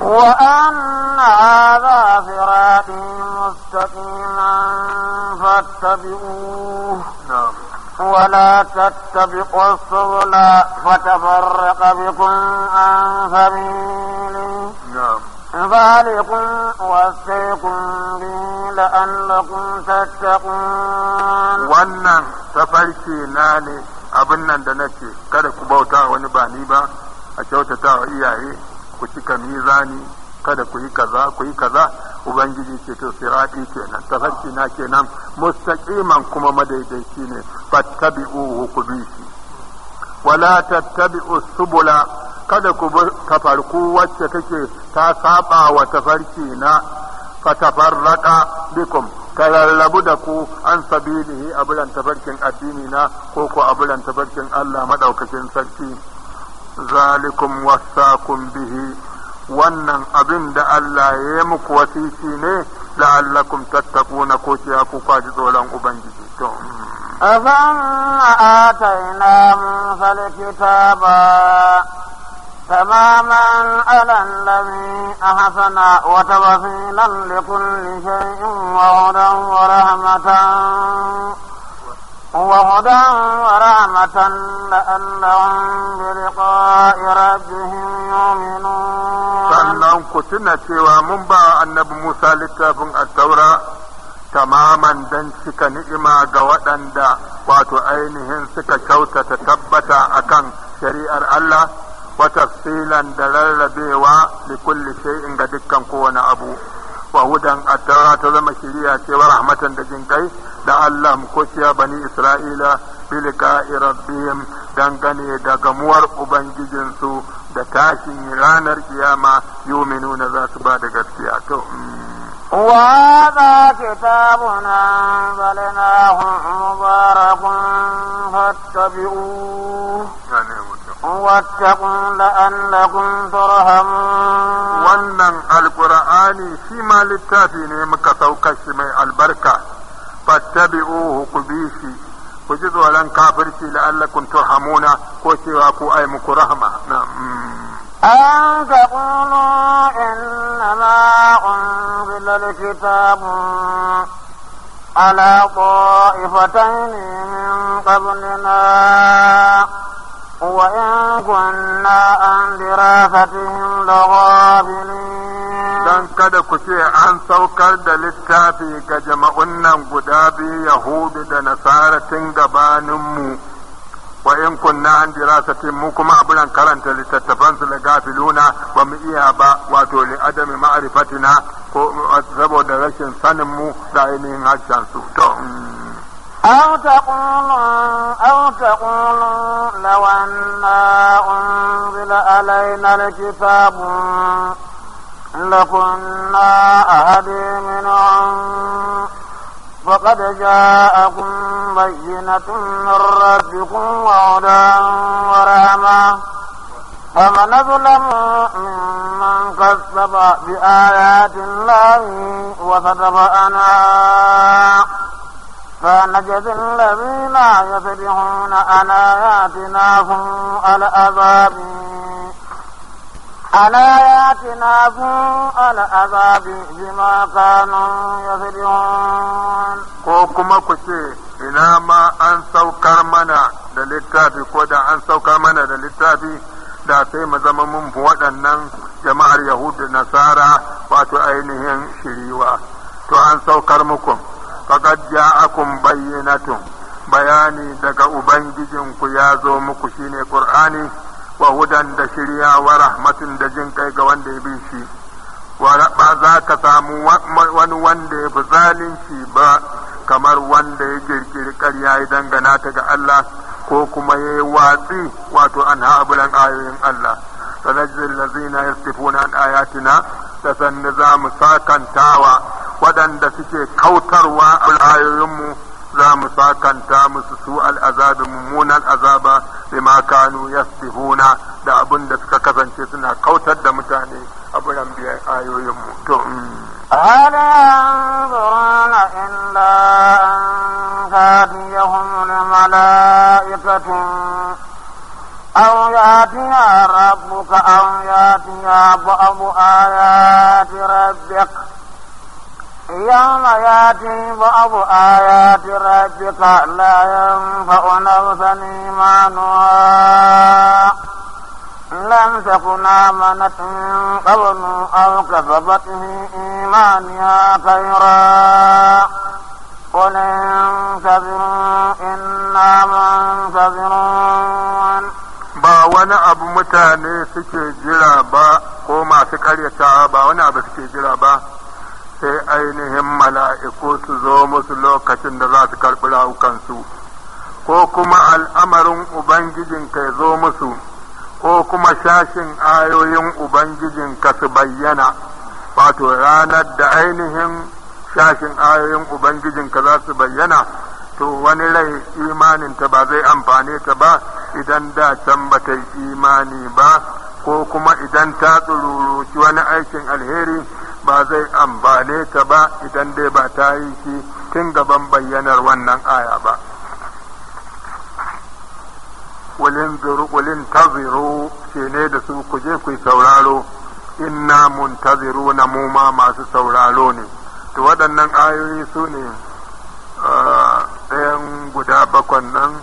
wa anna hadha sirati mustaqiman fattabi'uhu ولا تتبعوا السبل فتفرق بكم عن سبيله نعم ذلكم وصيكم به لعلكم تتقون wannan tafarki na ne abin nan da nace kada ku bauta wani ba ni ba a kyautata wa iyaye ku cika mizani kada ku yi kaza ku yi kaza ubangiji ce to sirati kenan tafarki na kenan mustaqiman kuma madaidaici ne fattabi'uhu ku bi shi wala tattabi'u subula kada ku bi tafarku wacce take ta saba wa tafarki na fa tafarraqa bikum ka lallabu da ku an sabilihi abulan tafarkin addini na ko ko abulan tafarkin Allah madaukakin sarki zalikum wasakum bihi wannan abin da Allah ya yi muku wasisi ne la'allakum tattaquna ko ki ku kwaji tsoron ubangiji to أفما آتينا موسى تماما على الذي أحسن وتوفيلا لكل شيء وهدى ورحمة وهدى ورحمة لأنهم بلقاء ربهم يؤمنون sannan ku tuna cewa mun ba annabi Musa littafin attaura tamaman don cika ni'ima ga waɗanda wato ainihin suka kyautata tabbata akan shari'ar Allah wa tafsilan da rarrabewa da kulli shay'in ga dukkan kowane abu wa hudan attaura ta zama shiriya ce wa rahmatan da jin kai da Allah kociya bani Isra'ila bilika'i rabbihim dangane da gamuwar ubangijinsu da tashin ranar kiyama yuminuna za su ba da gaskiya to وهذا كتاب أنزلناه مبارك فاتبعوه واتقوا لعلكم ترحمون wannan alkur'ani shi ma littafi ne muka saukar shi mai albarka fattabi'uhu ku bi shi ku ji tsoron kafirci la'allakum turhamuna ko cewa ku ai muku rahma أن تقولوا إنما أنزل الكتاب على طائفتين من قبلنا وإن كنا عن دراستهم لغافلين don kada ku ce an saukar da littafi ga jama'un nan guda biyu Yahudu da Nasara tun gabaninmu wa in kunna an dirasatin mu kuma abunan karanta littattafan su gafiluna ba mu iya ba wato li adami ma'rifatina ko saboda rashin sanin mu da ainihin harshen su to أو تقولوا أو تقولوا لو أنا أنزل علينا الكتاب لكنا أهدي منهم فقد جاءكم بينة من ربكم وهدى ورحمة فمن ظلم ممن كذب بآيات الله وكتب أنا فنجزي الذين يفرحون عن آياتنا هم الأبابين على آياتنا سوء العذاب بما كانوا يفرحون ko kuma ku ce ina ma an saukar mana da littafi ko da an saukar mana da littafi da sai mu zama mun waɗannan jama'ar yahudu nasara wato ainihin shiriwa to an saukar muku faqad ja'akum bayyinatun bayani daga ubangijinku ya zo muku shine qur'ani wa hudan da shirya wa rahmatin da jin kai ga wanda ya bi shi ba za ka samu wani wanda ya fi zalunci ba kamar wanda ya kirkiri karya ya dangana ta ga Allah ko kuma ya yi watsi wato an haɓulan ayoyin Allah sanajin lazina ya stifuna an ayatina da sannu za mu sakantawa waɗanda suke kautarwa a ayoyinmu za mu sakanta musu su al'azabi mummunan azaba ma kanu yastihuna da abin da suka kasance suna kautar da mutane a buran biyar ayoyin mutum. to هل ينظرون إلا أو ياتي ربك أو بعض آيات ربك يوم ياتي بعض آيات ربك لا ينفع نفسا إيمانها لم تكن آمنت من قبل أو كسبت إيمانها خيرا قل انتظروا إنا منتظرون ba wani abu mutane suke jira ba ko masu karyata ba wani abu sai ainihin mala'iku su zo musu lokacin da za su karɓi rawukansu ko kuma al'amarin ubangijinka ya zo musu ko kuma shashin ayoyin ubangijinka su bayyana wato ranar da ainihin shashin ayoyin ubangijinka za su bayyana to wani rai imaninta ba zai amfane ta ba idan da can ba ta yi imani ba ko kuma idan ta tsururuci wani aikin alheri ba zai ambale ta ba idan dai ba ta yi shi tun gaban bayyanar wannan aya ba ƙulin taziru ce ne da su ku je ku sauraro inna taziru na mu ma masu sauraro ne to waɗannan ayoyi su ne ɗayan guda bakwan nan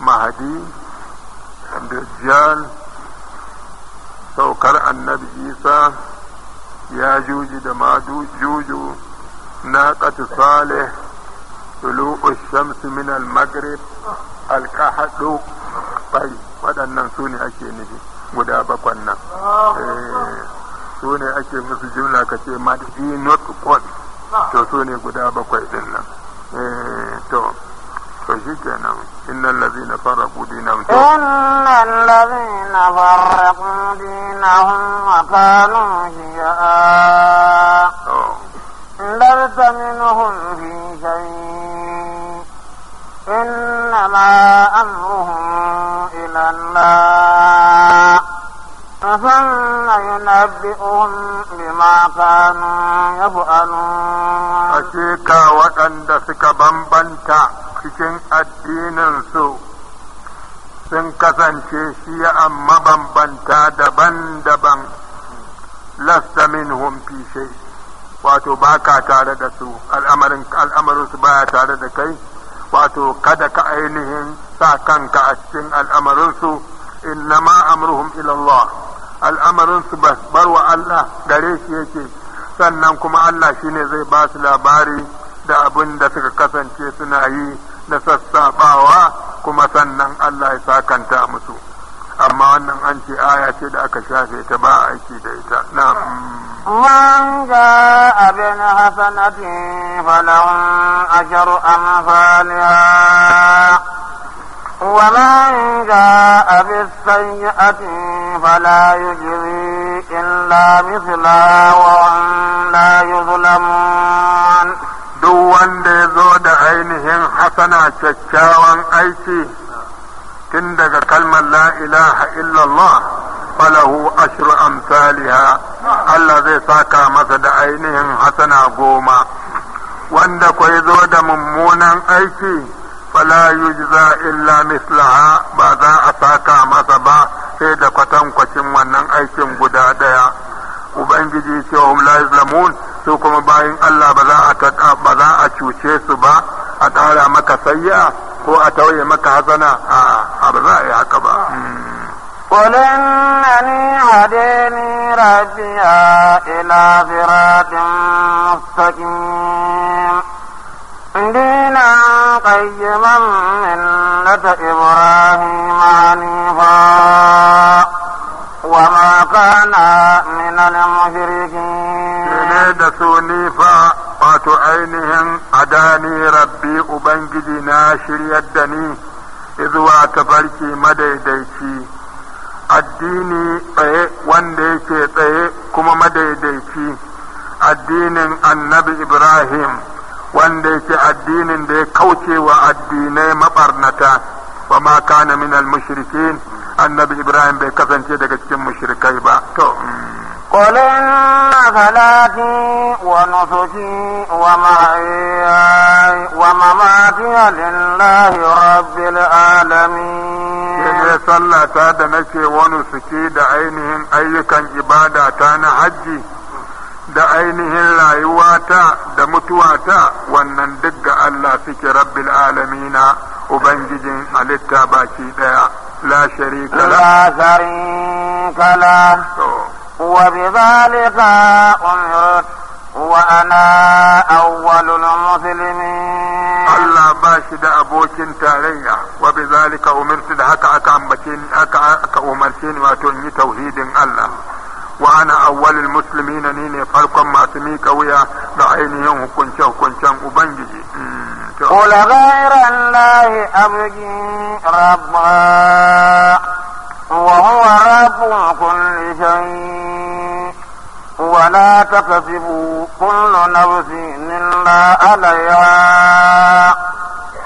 mahadi da saukar annabi isa ya juji da ma juju naqatu sale tulu'u shamsi min al-maghrib alkahadu bai waɗannan su ne ake nufi guda bakwan nan su ne ake musu jumla ka ce madi not to su ne guda bakwai ɗin nan to to shi kenan innal ladhina farraqu dinahum innal ladhina farraqu dinahum لست منهم في شيء إنما أمرهم إلى الله ثم ينبئهم بما كانوا يفعلون أشيك وأن دسك بمبنتا cikin addininsu sun kasance shi'an mabambanta daban-daban lasta minhum fi shay wato ba ka tare da su al'amarin al'amarinsu baya tare da kai wato kada ka ainihin sa kanka a cikin al'amarinsu innama amruhum ila Allah al'amarinsu wa Allah gare shi yake sannan kuma Allah shine zai ba su labari da abin da suka kasance suna yi na sassaɓawa kuma sannan Allah ya sakanta musu amma wannan an ce aya ce da aka shafe ta ba aiki da ita na man ga abin hasanati falahun asharu abin ومن جاء بالسيئة فلا يجزي إلا مثلها وهم لا يظلمون duk wanda ya zo da ainihin hasana kyakkyawan aiki tun daga kalmar la ilaha illallah falahu ashru amsaliha Allah zai saka masa da ainihin hasana goma wanda kwai zo da mummunan aiki fala yujza illa mislaha ba za a saka masa ba sai da kwatankwacin wannan aikin guda daya ubangiji ce wa la yuzlamun su kuma bayan Allah ba za a ba za a cuce su ba a ƙara maka sayya ko a tauye maka hazana a ba za a yi haka ba قل إنني هديني ربي إلى صراط مستقيم دينا قيما ملة إبراهيم ba. وما كان من المشركين ne da su nifa wato ainihin adani rabbi ubangiji na shiryar da ni zuwa barki madaidaici addini tsaye wanda yake tsaye kuma madaidaici addinin annabi ibrahim wanda yake addinin da ya kauce wa addinai mabarnata wa ma kana minal mushrikin annabi ibrahim bai kasance daga cikin mushrikai ba to قل إن suke ونسكي ومحياي ومماتي لله رب العالمين إذا صلى تاد نكي ونسكي دعينهم أيكا إبادة تانا حجي da ainihin rayuwata da mutuwata wannan duk ga Allah suke rabbil na Ubangijin halitta baki ɗaya. لا شريك له لا شريك له وبذلك أمرت وأنا أول المسلمين الله باشد أبوكين تاريا وبذلك أمرت لهك أكا أمرتين واتوني توحيد الله وأنا أول المسلمين نيني فرقا ما سميك ويا بعيني يوم كنشا كنشا أبنجي قل غير الله أبغي ربا وهو رب كل شيء ولا تكسب كل نفس إلا عليها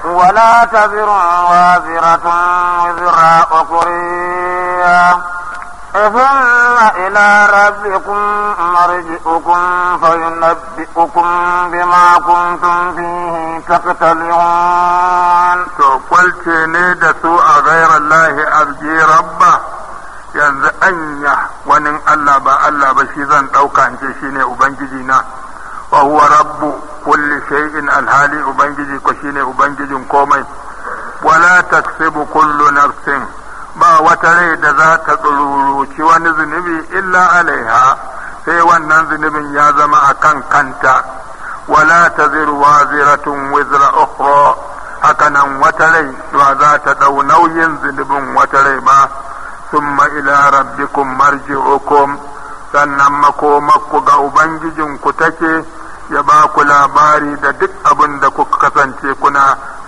ولا تذر وازرة وزر أخرى ثم إلى ربكم مرجئكم فينبئكم بما كنتم فيه تقتلعون تقلت نيد سوء غير الله أرجي ربه yanzu anya wani Allah ba Allah ba shi zan ɗauka in ce shi ne Ubangiji na wa huwa rabbu kulli shay'in alhali Ubangiji ko shi ne Ubangijin komai wala taksibu kullu nafsin ba wata rai da za ta tsururuci wani zunubi illa alaiha sai wannan zunubin ya zama a kan kanta wala ta zirwa ziratun wizra ukhra hakanan wata rai ba za ta ɗau nauyin zunubin wata rai ba summa ila rabbikum marji'ukum sannan makomakku ga ubangijinku take ya ba ku labari da duk abin da kuka kasance kuna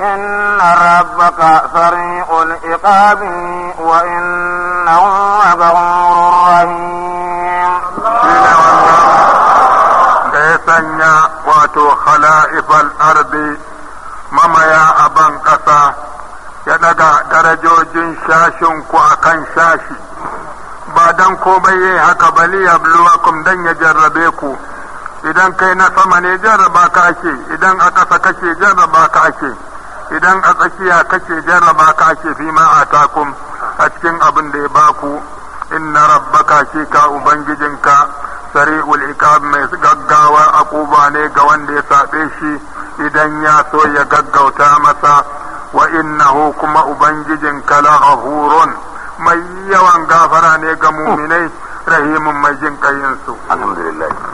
إن ربك سريع العقاب وإنه لغفور رحيم Sanya wato hala’ifal arbi mama ya aban ƙasa ya ɗaga darajojin shashin ku a kan sashi. ba dan komai yi haka bali ya bluwakum dan ya jarrabe ku, idan kai na sama ne jarraba ka ake, idan a ƙasa kake jarraba ka ake. idan a tsakiya kake jarraba ka ake fi ma a takum a cikin abin da ya baku inna rabbaka shi ka ubangijinka sari'ul iqab mai gaggawa a akuba ne ga wanda ya saɓe shi idan ya so ya gaggauta masa wa innahu kuma ubangijinka la ghafurun mai yawan gafara ne ga muminai rahimun mai jin kayinsu